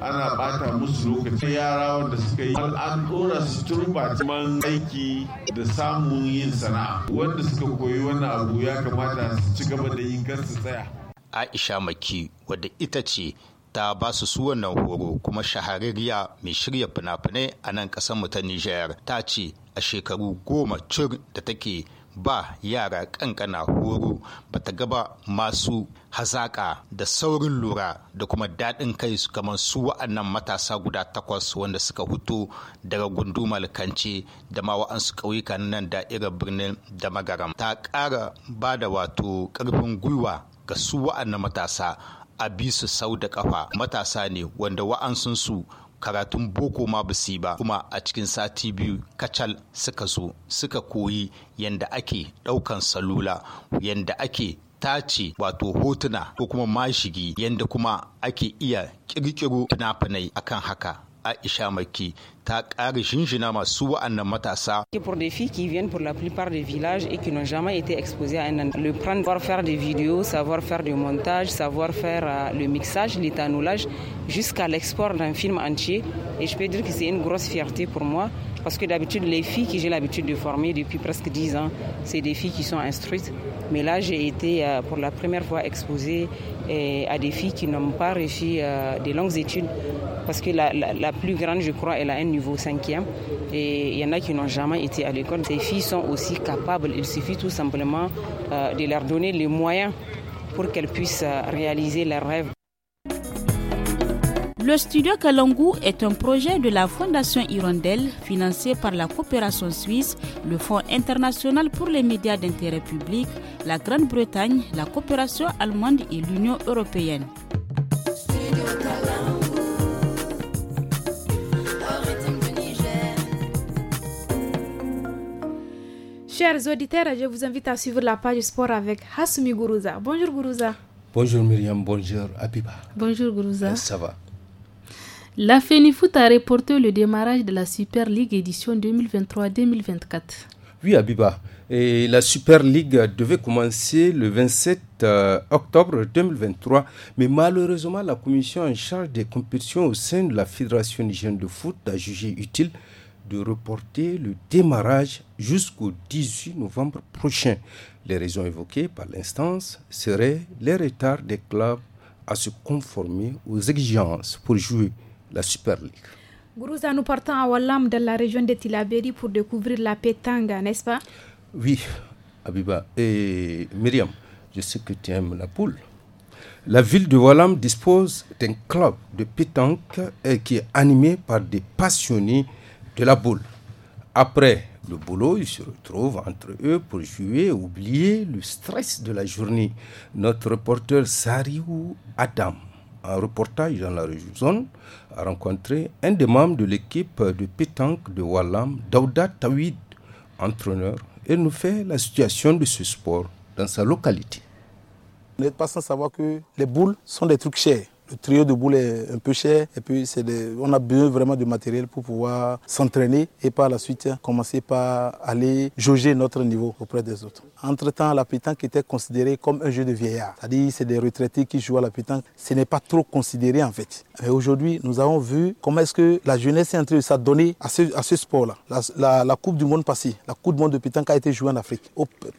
ana bata musu lokaci yara wanda suka yi an dora su turba man aiki da samun yin sana'a wanda suka koyi wani abu ya kamata su ci gaba da yin su tsaya aisha maki wadda ita ce ta ba su su wannan horo kuma shahararriya mai shirya fina-finai a nan ƙasar mu ta nijar ta ce a shekaru goma cir da take ba yara kankana horo ba bata gaba masu hazaƙa da saurin lura da kuma daɗin kai kamar su wa'annan matasa guda takwas wanda suka hutu daga gundumar kance da ma wa'ansu ƙauyuka nan da'irar birnin da magaram ta ƙara ba da wato ƙarfin gwiwa ga su wa'annan matasa a bisu sau da ƙafa matasa ne wanda wa'ansunsu karatun boko ma ba su ba kuma a cikin sati biyu kacal suka zo suka koyi yadda ake ɗaukan salula yadda ake tace wato hotuna ko kuma mashigi yadda kuma ake iya ƙirƙiro fina-finai akan haka Pour des filles qui viennent pour la plupart des villages et qui n'ont jamais été exposées à un le prendre, savoir faire des vidéos, savoir faire du montage, savoir faire euh, le mixage, l'étanoulage, jusqu'à l'export d'un film entier. Et je peux dire que c'est une grosse fierté pour moi. Parce que d'habitude, les filles que j'ai l'habitude de former depuis presque 10 ans, c'est des filles qui sont instruites, mais là, j'ai été euh, pour la première fois exposée euh, à des filles qui n'ont pas réussi euh, des longues études. Parce que la, la, la, plus grande, je crois, elle a un niveau cinquième. Et il y en a qui n'ont jamais été à l'école. Ces filles sont aussi capables. Il suffit tout simplement de leur donner les moyens pour qu'elles puissent réaliser leurs rêves. Le studio Kalangu est un projet de la Fondation Hirondelle financé par la coopération suisse, le Fonds international pour les médias d'intérêt public, la Grande-Bretagne, la coopération allemande et l'Union européenne. Chers auditeurs, je vous invite à suivre la page sport avec Hassoumi Gourouza. Bonjour Gourouza. Bonjour Myriam, bonjour Abiba. Bonjour Gourouza. Ça va la FENIFOOT a reporté le démarrage de la Super League édition 2023-2024. Oui, Abiba. Et la Super League devait commencer le 27 euh, octobre 2023, mais malheureusement, la commission en charge des compétitions au sein de la Fédération nigérienne de foot a jugé utile de reporter le démarrage jusqu'au 18 novembre prochain. Les raisons évoquées par l'instance seraient les retards des clubs à se conformer aux exigences pour jouer la Super League. Gourouza, nous partons à Wallam, dans la région de Tilaberi, pour découvrir la pétanga, n'est-ce pas Oui, Abiba. Et Myriam, je sais que tu aimes la boule La ville de Wallam dispose d'un club de pétanque euh, qui est animé par des passionnés de la boule. Après le boulot, ils se retrouvent entre eux pour jouer, oublier le stress de la journée. Notre reporter Sariou Adam un reportage dans la région zone, a rencontré un des membres de l'équipe de pétanque de Wallam, Daouda Tawid, entraîneur, et nous fait la situation de ce sport dans sa localité. Vous n'êtes pas sans savoir que les boules sont des trucs chers. Le trio de boules est un peu cher et puis on a besoin vraiment de matériel pour pouvoir s'entraîner et par la suite hein, commencer par aller jauger notre niveau auprès des autres. Entre-temps, la pétanque était considérée comme un jeu de vieillard. C'est-à-dire, c'est des retraités qui jouent à la pétanque. Ce n'est pas trop considéré en fait. Mais aujourd'hui, nous avons vu comment est-ce que la jeunesse est en train de s'adonner à ce, sport-là. La, Coupe du Monde passée, la Coupe du Monde de pétanque a été jouée en Afrique,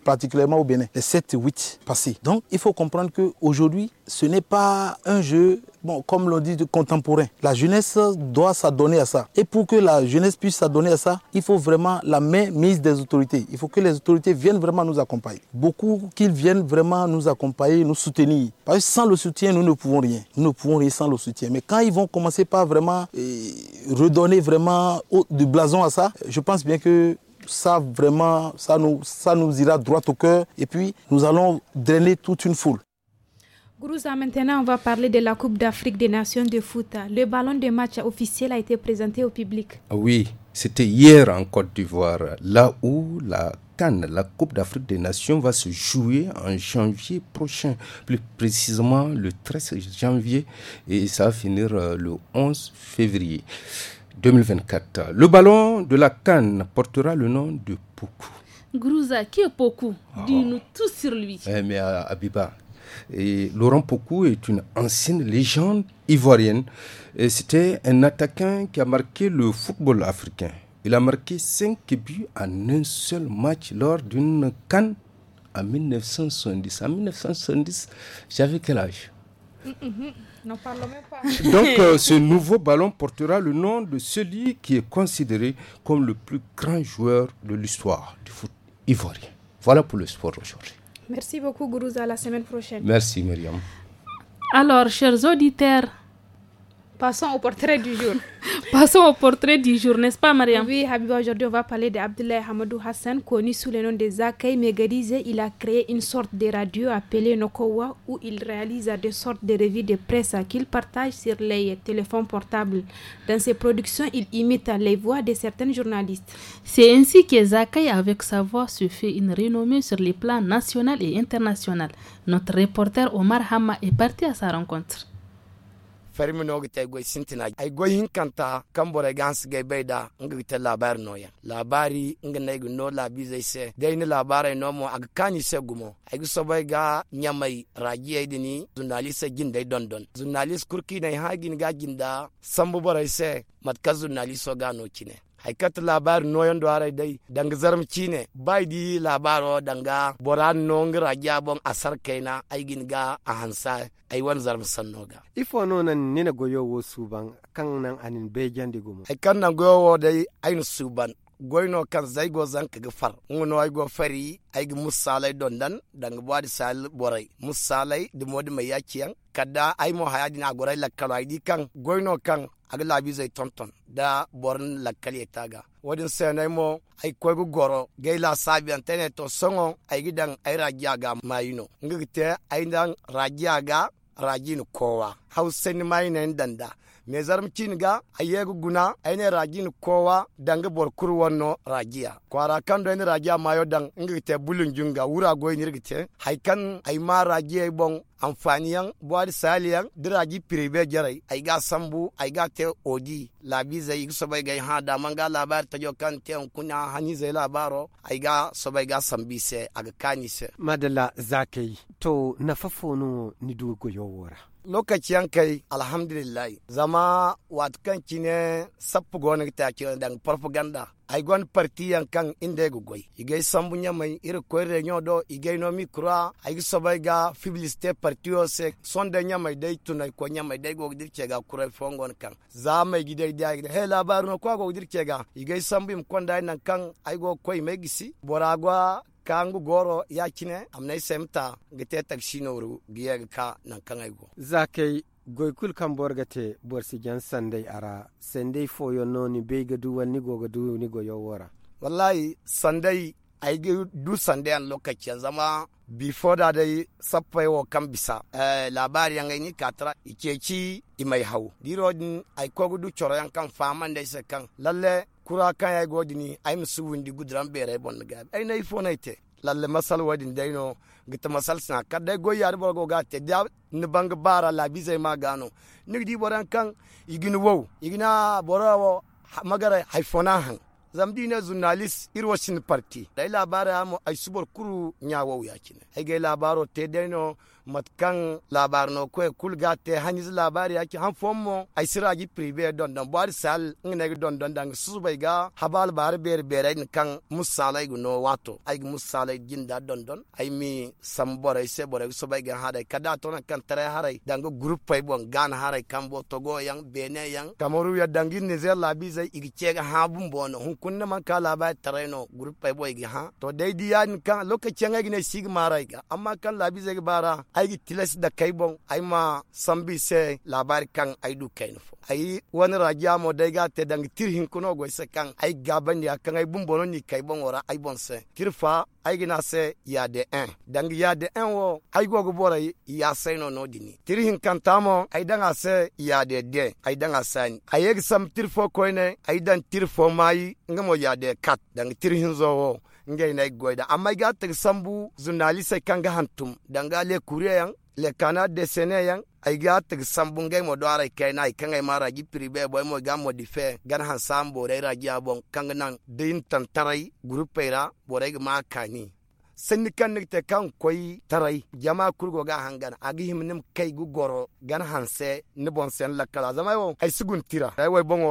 particulièrement au Bénin, les 7-8 passés. Donc, il faut comprendre qu'aujourd'hui, ce n'est pas un jeu comme l'on dit contemporain, la jeunesse doit s'adonner à ça. Et pour que la jeunesse puisse s'adonner à ça, il faut vraiment la main mise des autorités. Il faut que les autorités viennent vraiment nous accompagner. Beaucoup qu'ils viennent vraiment nous accompagner, nous soutenir. Parce sans le soutien, nous ne pouvons rien. Nous ne pouvons rien sans le soutien. Mais quand ils vont commencer par vraiment euh, redonner vraiment du blason à ça, je pense bien que ça vraiment, ça nous, ça nous ira droit au cœur. Et puis, nous allons drainer toute une foule. Gourouza, maintenant on va parler de la Coupe d'Afrique des Nations de foot. Le ballon de match officiel a été présenté au public. Ah oui, c'était hier en Côte d'Ivoire, là où la Cannes, la Coupe d'Afrique des Nations, va se jouer en janvier prochain, plus précisément le 13 janvier, et ça va finir euh, le 11 février 2024. Le ballon de la Cannes portera le nom de Poku. Grouza, qui est Poku ah. Dis-nous tout sur lui. Eh mais euh, Abiba, et Laurent Pocou est une ancienne légende ivoirienne. C'était un attaquant qui a marqué le football africain. Il a marqué 5 buts en un seul match lors d'une canne en 1970. En 1970, j'avais quel âge mm-hmm. parlons pas. Donc, euh, ce nouveau ballon portera le nom de celui qui est considéré comme le plus grand joueur de l'histoire du foot ivoirien. Voilà pour le sport aujourd'hui. Merci beaucoup, Gourouza. la semaine prochaine. Merci, Myriam. Alors, chers auditeurs, Passons au portrait du jour. Passons au portrait du jour, n'est-ce pas, Mariam Oui, Habiba, aujourd'hui, on va parler d'Abdoulaye Hamadou Hassan, connu sous le nom de Zakaï Megadize. Il a créé une sorte de radio appelée Nokowa, où il réalise des sortes de revues de presse qu'il partage sur les téléphones portables. Dans ses productions, il imite les voix de certains journalistes. C'est ainsi que Zakaï, avec sa voix, se fait une renommée sur les plans national et international. Notre reporter Omar Hama est parti à sa rencontre farmi no gita goy sintina ay kambore gans gay bayda nga gita labar no labari nga nay no la bise se dai no mo ag kani se gumo ay so bay ga nyamai raji ay dini journalist gin dey don don journalist kurki ha hagin ga ginda sambu se matkazu journalist so ga no haikat labar noyon dwara dai dang zarm chine bai di labaro danga boran nong raja bon asar kaina aigin ga a hansa wan zarm sannoga ifo no nan nina goyo wo suban kan nan anin be gumo kan nan goyo wo dai ain suban goyno kan go zan kaga far ngono ay go fari ay gi musalay don dan dang bwadi sal boray musalay di modi mai yakiyan kada ay mo hayadi na goray lakkalo ay di kan goyno kan aga labi zai tonton da borin lakkal ya taga wadin sayanai mo ai go goro gai la sabi antene to songo ai gidan ai ragiya ga mayino ngigite ai dan ragiya ga ragin kowa hausa ni danda me zarm kin ga ayegu guna aine ragin kowa danga bor kurwonno ragia kwara kando ene ragia mayo dang ngite bulun junga wura goy nirgite haykan ay ma ragia e bon amfaniyan buwari saliyan diraji piribe jarai ay ga sambu ay ga te odi labi zai yi sobai ga ha da manga labar ta kan te kunya hani zai labaro ay ga sobai ga sambi se aga kani se madalla zakai to fafonu ni dugo yowora lokaci yan kai alhamdulillah zama watkan kine sappu gonik ta ke dan propaganda ay gon parti yan kan inde go goy igay sambu nyamay ir koyre nyodo igay no mikra ay sobay ga fibliste parti o se sonde nyamay dai tuna ko nyamay day go dir cega kuray fongon kan mai gide dia gide he labaru no ko go dir cega igay sambu im konda nan kan ay go koy megisi boragwa kangu goro ya kine amna semta gite taksi noru giye ka nan kangaigo zakai goykul kan borgate borsi jan sandai ara sandai foyo noni be du wani goga du ni go yowora wallahi sandai ay du sandai an lokaci zama before da dai sappai wo kan bisa eh, labari yang ni katra ikeci imai hau diro ay kogu du choro yang kan faman dai se kan lalle kura kan yai godini aim su windi gudran bere bon ga ai nay lalle masal wadi dayno gita masal sna kadai go yar bor go gate da ni bang bara la bizai ma gano ni di boran kan igin wow igina borawo magara haifona han zamdi na journalist irwashin parti dai labara mo ai subor kuru nyawo yakine ai ga labaro te dayno matkan labar no ko kul gate hanis labari yake han fommo ay siragi privé don don bari sal ngene don don dang susubay ga habal bar ber ber ay kan musalay no wato ay musalay ginda don don ay mi sambore se bore subay ga hada kada to kan tare haray dang group pay bon gan harai kambo togo yang bene yang kamoru ya dang ni zel labi zai chega ha habun bon hun kunna man ka labai tare no group pay boy ga ha to dai diyan kan lokacin ga ne sigma rai ga amma kan labi zai bara ay tilas da kai bon ma sambi se labari kan ay du kai fo ay wani raja mo dai ga te dang tirhin kuno go se kan ay gaban ya kan ay bumbono ni kai bon ora ay bon se kirfa ay na se ya de en dang ya de en wo ay go go bora ya se no no dini tirhin kan tamo ay dang se ya de de ay dang asan ay sam tirfo koine ay dan tirfo mai ngamo ya de kat dang tirhin zo wo ngey nay goyda amma ga tag sambu journaliste kanga hantum danga le courrier yang le canal de sene yang ay ga tag sambu ngey mo doara kay nay kanga mara gi pribe boy mo ga mo dife gan han sambo re ra gi bon kanga nan dein tantarai groupe ra boray ma kani sani kan nigte kan koy taray jama kurgo ga hangana agi himnim kay gu goro gan hanse ni bon sen la kala zama yo ay sugun tira ay way bon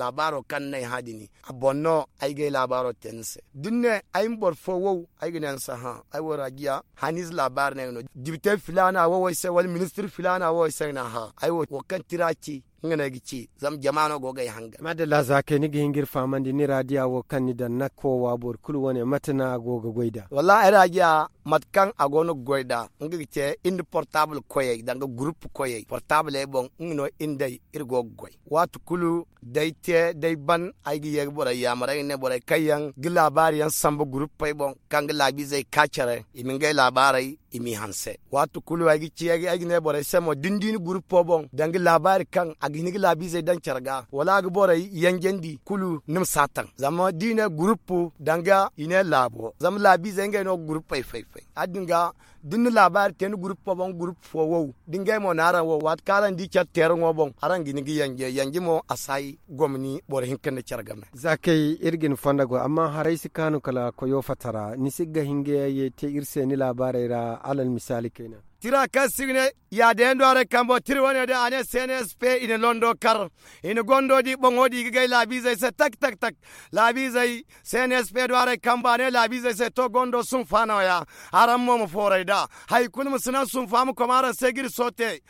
la baro kan nay hadini abonno ay ge baro tense dunne ay mbor fo wo ay gnan sa ha ay wora giya hanis bar ne no dibte filana wo wo se wal minister filana wo se na ha ay wo kan tiraci ngana gici zam jamano go gay hanga madalla zake ni gihingir famandi ni radio wo kanida dan nakko wa bor kulu wone matana goida wallahi radio matkan agono goyda ngi che indi portable koye danga group koye portable e bon ngino indai irgo goy watu kulu dai te dai ban ay gi yeg bora yamara ne bora kayan gi labari yan sambo group pay bon kang labi zai kachere imi ngai labari imi hanse watu kulu ay gi chiyagi ay ne bora semo dindin group po bon danga labari kan agi ni labi zai dan charga wala gi bora yangendi kulu nim satan zama dine group danga ine labo zama labi zai ngai no group pay fai pe adinga din labar ten group po bon group fo wo dinga mo nara wo wat kala ndi cha ter ngo bon aran gini gi yange yange mo asai gomni bor hinkan da chargam zakay irgin fandago amma harai sikanu kala ko yo fatara ni sigga hinge ye te irse ni labarai ra alal misali kenan tira kasigne yadendore kambo tirwonede ane cnsp ine londo kar ine gondodi ɓogoɗi gigay laabisay se tak tak tak laabisay cnsp doare kambo ane bise se to gondo sumfanoya aranmomo da hay kunum sinan sumfamo komara segir sote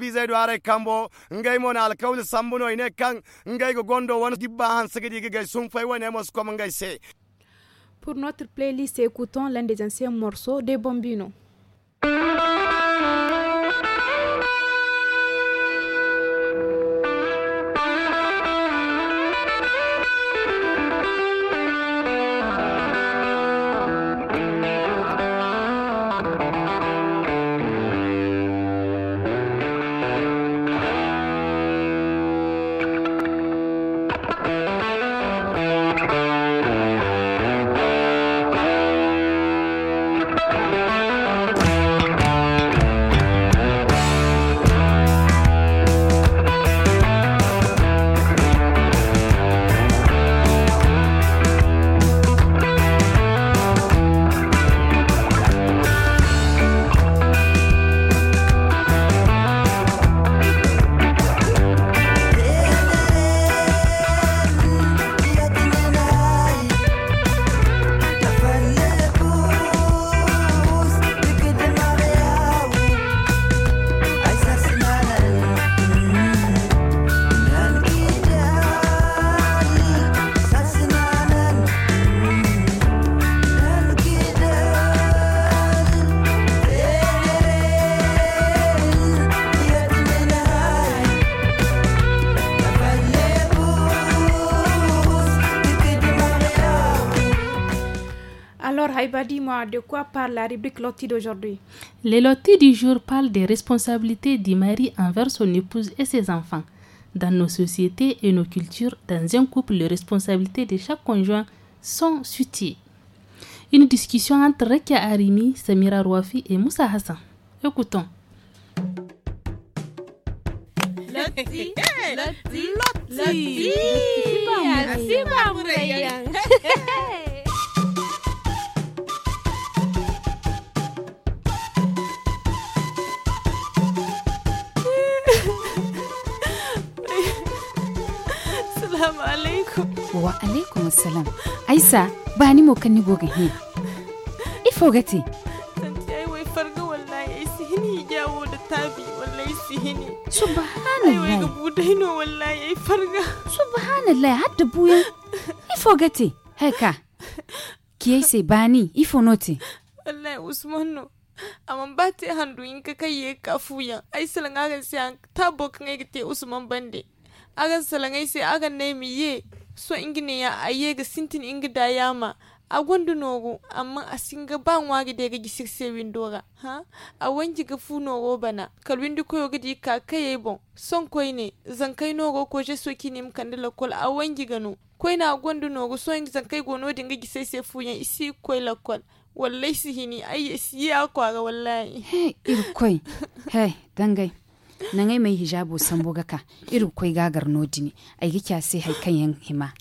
bise doare kambo ngay mon alkawli sambuno ine kan ngay go gondo won dibba han sigidi gigay sumfay wonemos ko ngay se Pour notre playlist, écoutons l'un des anciens morceaux des Bombino. rubrique Loti d'aujourd'hui. Les Loti du jour parlent des responsabilités du mari envers son épouse et ses enfants. Dans nos sociétés et nos cultures, dans un couple, les responsabilités de chaque conjoint sont sutiles. Une discussion entre Rekia Arimi, Samira Rouafi et Moussa Hassan. Écoutons. wa alaikum salam aisa ba ni mo kan ni goga he ifo gati tanti ai wai farga wallahi ai sihini jawo da tabi wallahi sihini subhanallah ai wai ga budaino wallahi ai farga subhanallah hadda buya ifo gati heka ai sai bani ifo noti wallahi usmanu amma ba ta handu yin ka kai ya kafuya ai salan agan sai an tabo kan ai te usman bande agan salan ai sai agan ne ye. so ingine ya ayega sintin inga dayama a gwanda nogo amma a singa ban wari da ga gisir se windora ha a wanji ga fu nogo bana kal windi koyo ga di ka kaye bon son koy ne zan kai nogo ko je so kinim kandala kol a wanji gano koy na gwanda nogo so ingi zan kai gono dinga gisai se fu yan isi koy la kol wallahi sihini ayye siya kwara wallahi hey ir hey dangai na ngai mai hijabu boga ka iru koi gagar ne ai gika sai kan yan hima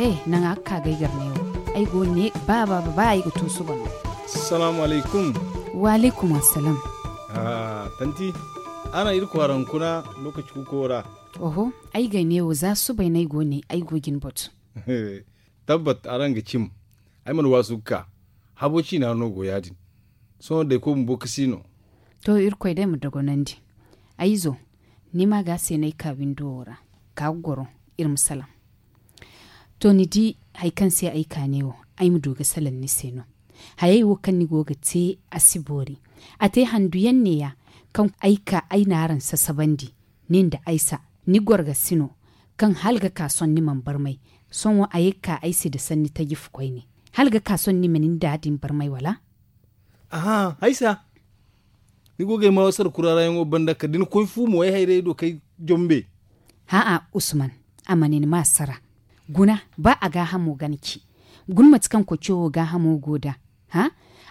Hey, nan aka gaigar ne yau. Ai go ne ba ba ba ai gutu su bana. Assalamu alaikum. Wa alaikum assalam. Ah, tanti, ana irko kuna lokaci ku kora. Oho, ai ga ne za su bai nai go ne ai gogin bot. tabbat ranga cim aiman wasu ka haboci na no go yadin so da ko mbo kasino to irkoi dai mu dago nandi aizo ni ma ga se nai ka windora ka goro irin musalam to ni di haikan sai aika ka wo ai mu doga salan ni seno hayai wo kan ni goga te asibori ate handu yanne ya kan aika aina ran sabandi nin da aisa ni gorga sino kan halga kason ni man barmai son wa ayika aisi da sanni ta gifu kwai ne ga ka son ni menin dadin bar mai wala aha aisa ni goge ma wasar kurara yan obban da ka din koi fu mo haire do kai jombe ha a usman amanin masara guna ba a ga hamo ganki gun matikan ko ciwo ga hamo goda ha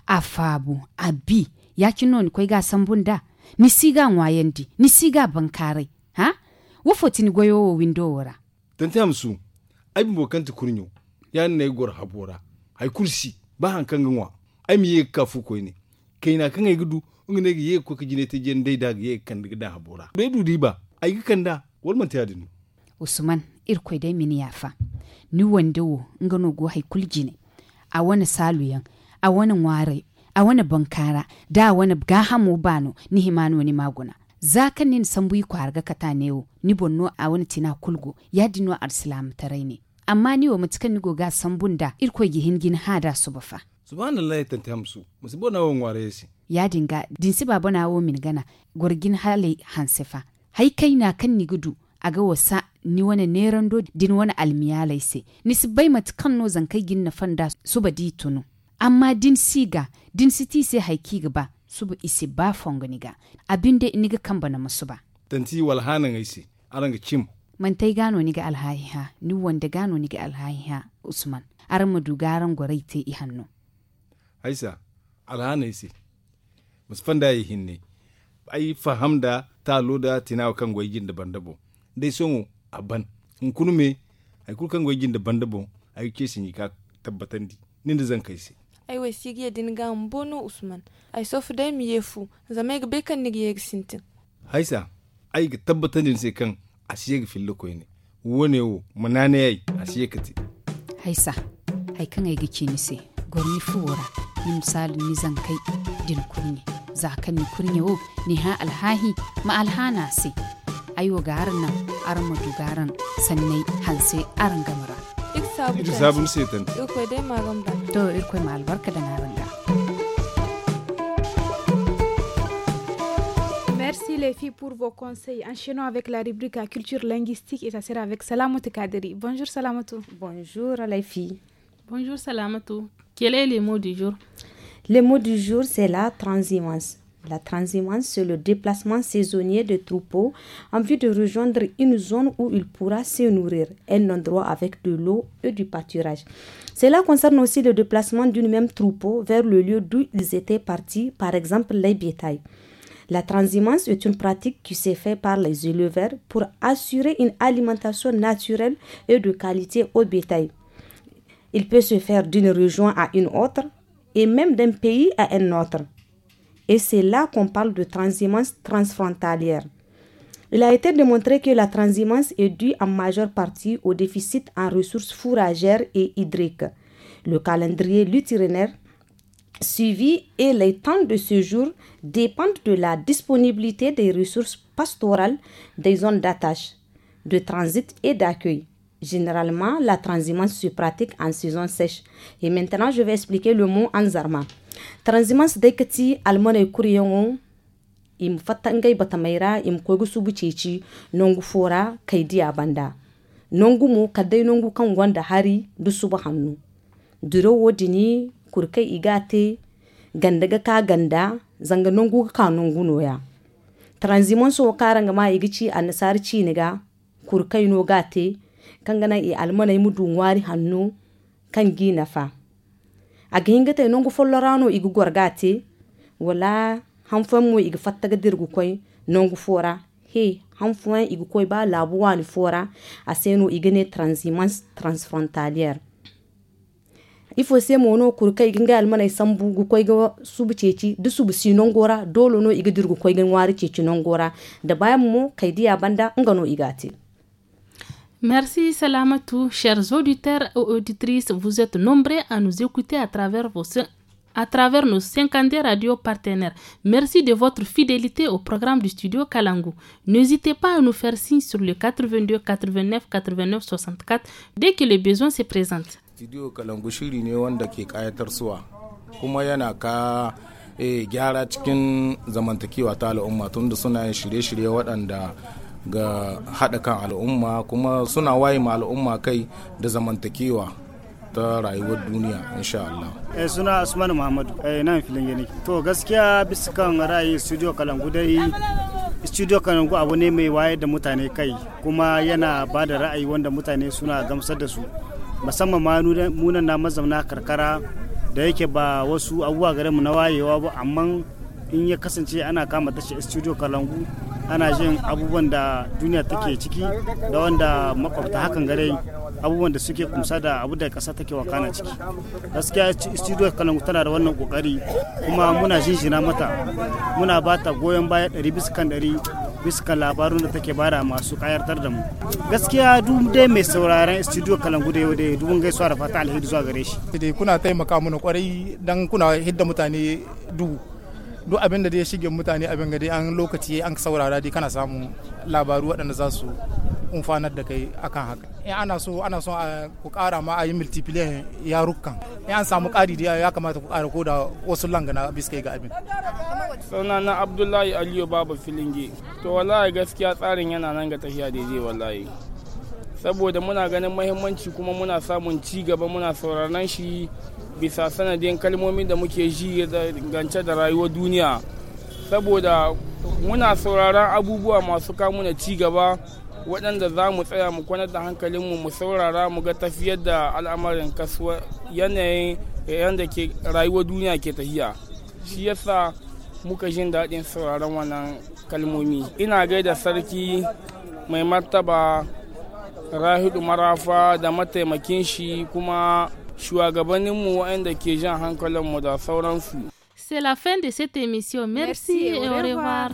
a fabu a bi ya ki non koi ga sambun da ni siga nwayandi ni siga bankare ha ni goyo wo wora su ai bo kan tukurnyo ya ne gor habora ai kursi ba han kan ngwa ai mi ka fu ko ne kai na kan ai gudu ngne ga ye ko ka jine te jen dai da ga ye kan da habora be du riba ai ga kan da wal man ta yadin usman irkoi dai mini yafa ni wanda wo no go hai kuljine a wani saluyan a wani ware a wani bankara da wani gahamu bano ni himano ni maguna zaka nin kata ne kataneo ni bonno wani tina kulgu yadino arsilam ne amma ni wa mutikan ni goga bunda irko hingin hada bafa. subhanallah tante hamsu musibo na won ware yasi ya dinga si baba na wo min gana gorgin hale hansefa hai kai na kan ni gudu a ga wasa ni wani neran do din wani almiya laise nisi bai matukan no zankai gin na fanda ba di tunu amma din siga din siti sai haiki gaba subu isi ba fongo niga da niga kan bana musu ba tanti wal hanan aisi aranga chim man tai gano niga alhayi ha ni wanda gano niga alhayi ha usman aran mu garan gurai te i hannu aisa alhana aisi musfan da yi hinne ai faham da ta loda tinawa kan gwaijin da bandabo dai son aban in kunume ai kulkan gwaijin da bandabo ai ke sinyi ka tabbatan di ni da zan kai sai ay way sigiya dinga mbono usman ay sofu dai mi yefu zamai ga bekan ni yeg sintin haisa ay ga tabbata din sai kan asiye ga fillo ko ne wone wo munane yayi asiye kati haisa ai kan ay ga kini sai gorni fuwara ni misali ni zan kai din kunye za kan ni kunye wo ni ha alhahi ma alhana sai ayo garan nan armadu garan sannai hanse aran gamara Merci les filles pour vos conseils. Enchaînons avec la rubrique à culture linguistique et ça sera avec Salamoto Bonjour à Bonjour les filles. Bonjour Salamoutou. Quel est le mot du jour Le mot du jour c'est la transience. La transhumance, c'est le déplacement saisonnier de troupeaux en vue de rejoindre une zone où ils pourra se nourrir, un endroit avec de l'eau et du pâturage. Cela concerne aussi le déplacement d'une même troupeau vers le lieu d'où ils étaient partis, par exemple les bétails. La transhumance est une pratique qui s'est faite par les éleveurs pour assurer une alimentation naturelle et de qualité au bétail. Il peut se faire d'une région à une autre et même d'un pays à un autre. Et c'est là qu'on parle de transhumance transfrontalière. Il a été démontré que la transhumance est due en majeure partie au déficit en ressources fourragères et hydriques. Le calendrier lutérinaire suivi et les temps de séjour dépendent de la disponibilité des ressources pastorales des zones d'attache, de transit et d'accueil. Généralement, la transhumance se pratique en saison sèche. Et maintenant, je vais expliquer le mot anzarma. transimans dai kati almanai kuriyan im fatta ngai bata maira im koygu subu ceci nongu fora kai banda nongu mu kadai nongu kan gwanda hari du subu hannu duro wodini kurkai igate ganda ga ka ganda zanga nongu ka nongu noya transimon so karanga ma igici annasar ci niga kurkai no gate kangana i almanai mudu wari hannu kan gina fa A hingata inongu follorano igu gorgate wala igu igu fattaga dirgu koy nongu fora he hanfan igu koy ba labu fora aseno igene transimans transfrontalier ifo se mono kurka Almane sambu gu koy subu ceci du subu si nongora dolo no igu dirgu koy gen wari nongora da mo kaidiya banda ngano igati. Merci à tous, Chers auditeurs et auditrices, vous êtes nombreux à nous écouter à travers vos à travers nos 50 radios partenaires. Merci de votre fidélité au programme du studio Kalangu. N'hésitez pas à nous faire signe sur le 82 89 89 64 dès que le besoin se présente. Studio Kalangu shiri ne wanda ke suwa kuma yana ka eh, gyara cikin zamantakewa ta suna shirye ga haɗa kan al'umma kuma suna waye ma al'umma kai da zamantakewa ta rayuwar duniya insha Allah. Eh suna Usman Muhammadu eh nan filin gani. To gaskiya biskan kan ra'ayi studio Kalangu dai studio Kalangu abu ne mai waye da mutane kai kuma yana ba da ra'ayi wanda mutane suna gamsar da su musamman ma munan na mazauna karkara da yake ba wasu abubuwa garinmu na wayewa ba amma in ya kasance ana kama tashi studio Kalangu ana jin abubuwan da duniya take ciki da wanda makwabta hakan gare abubuwan da suke kumsa da abu da kasa take wakana ciki gaskiya studio kan tana da wannan kokari kuma muna jinjina mata muna ba ta goyon baya ɗari bisa kan ɗari bisa kan labarun da take bada masu kayartar da mu gaskiya duk dai mai sauraren studio kan da yau da dubun gaisuwa da fata alheri zuwa gare shi kuna taimaka mana kwarai dan kuna hidda mutane dubu duk abin da ya shige mutane abin ga dai an lokaci an saurara dai kana samun labaru waɗanda za su umfanar da kai akan haka in ana so ana so ku ƙara ma a yi multiplayer rukkan. in an samu ƙari da ya kamata ku ƙara ko da wasu langana biskai ga abin sauna na abdullahi aliyu babu filinge to wallahi gaskiya tsarin yana nan ga tafiya daidai wallahi saboda muna ganin mahimmanci kuma muna samun ci gaba muna sauraron shi bisa sanadin kalmomi da muke ji gance da rayuwar duniya saboda muna sauraron abubuwa masu kamu ci gaba waɗanda za mu tsaya mu kwanar da hankalinmu mu saurara mu ga tafiyar da al'amarin kasuwa yanayin yadda ke rayuwar duniya ke tafiya shi yasa muka jin daɗin sauraron wannan kalmomi ina gaida sarki mai martaba rahidu marafa da mataimakin shi kuma C'est la fin de cette émission. Merci, et Au revoir.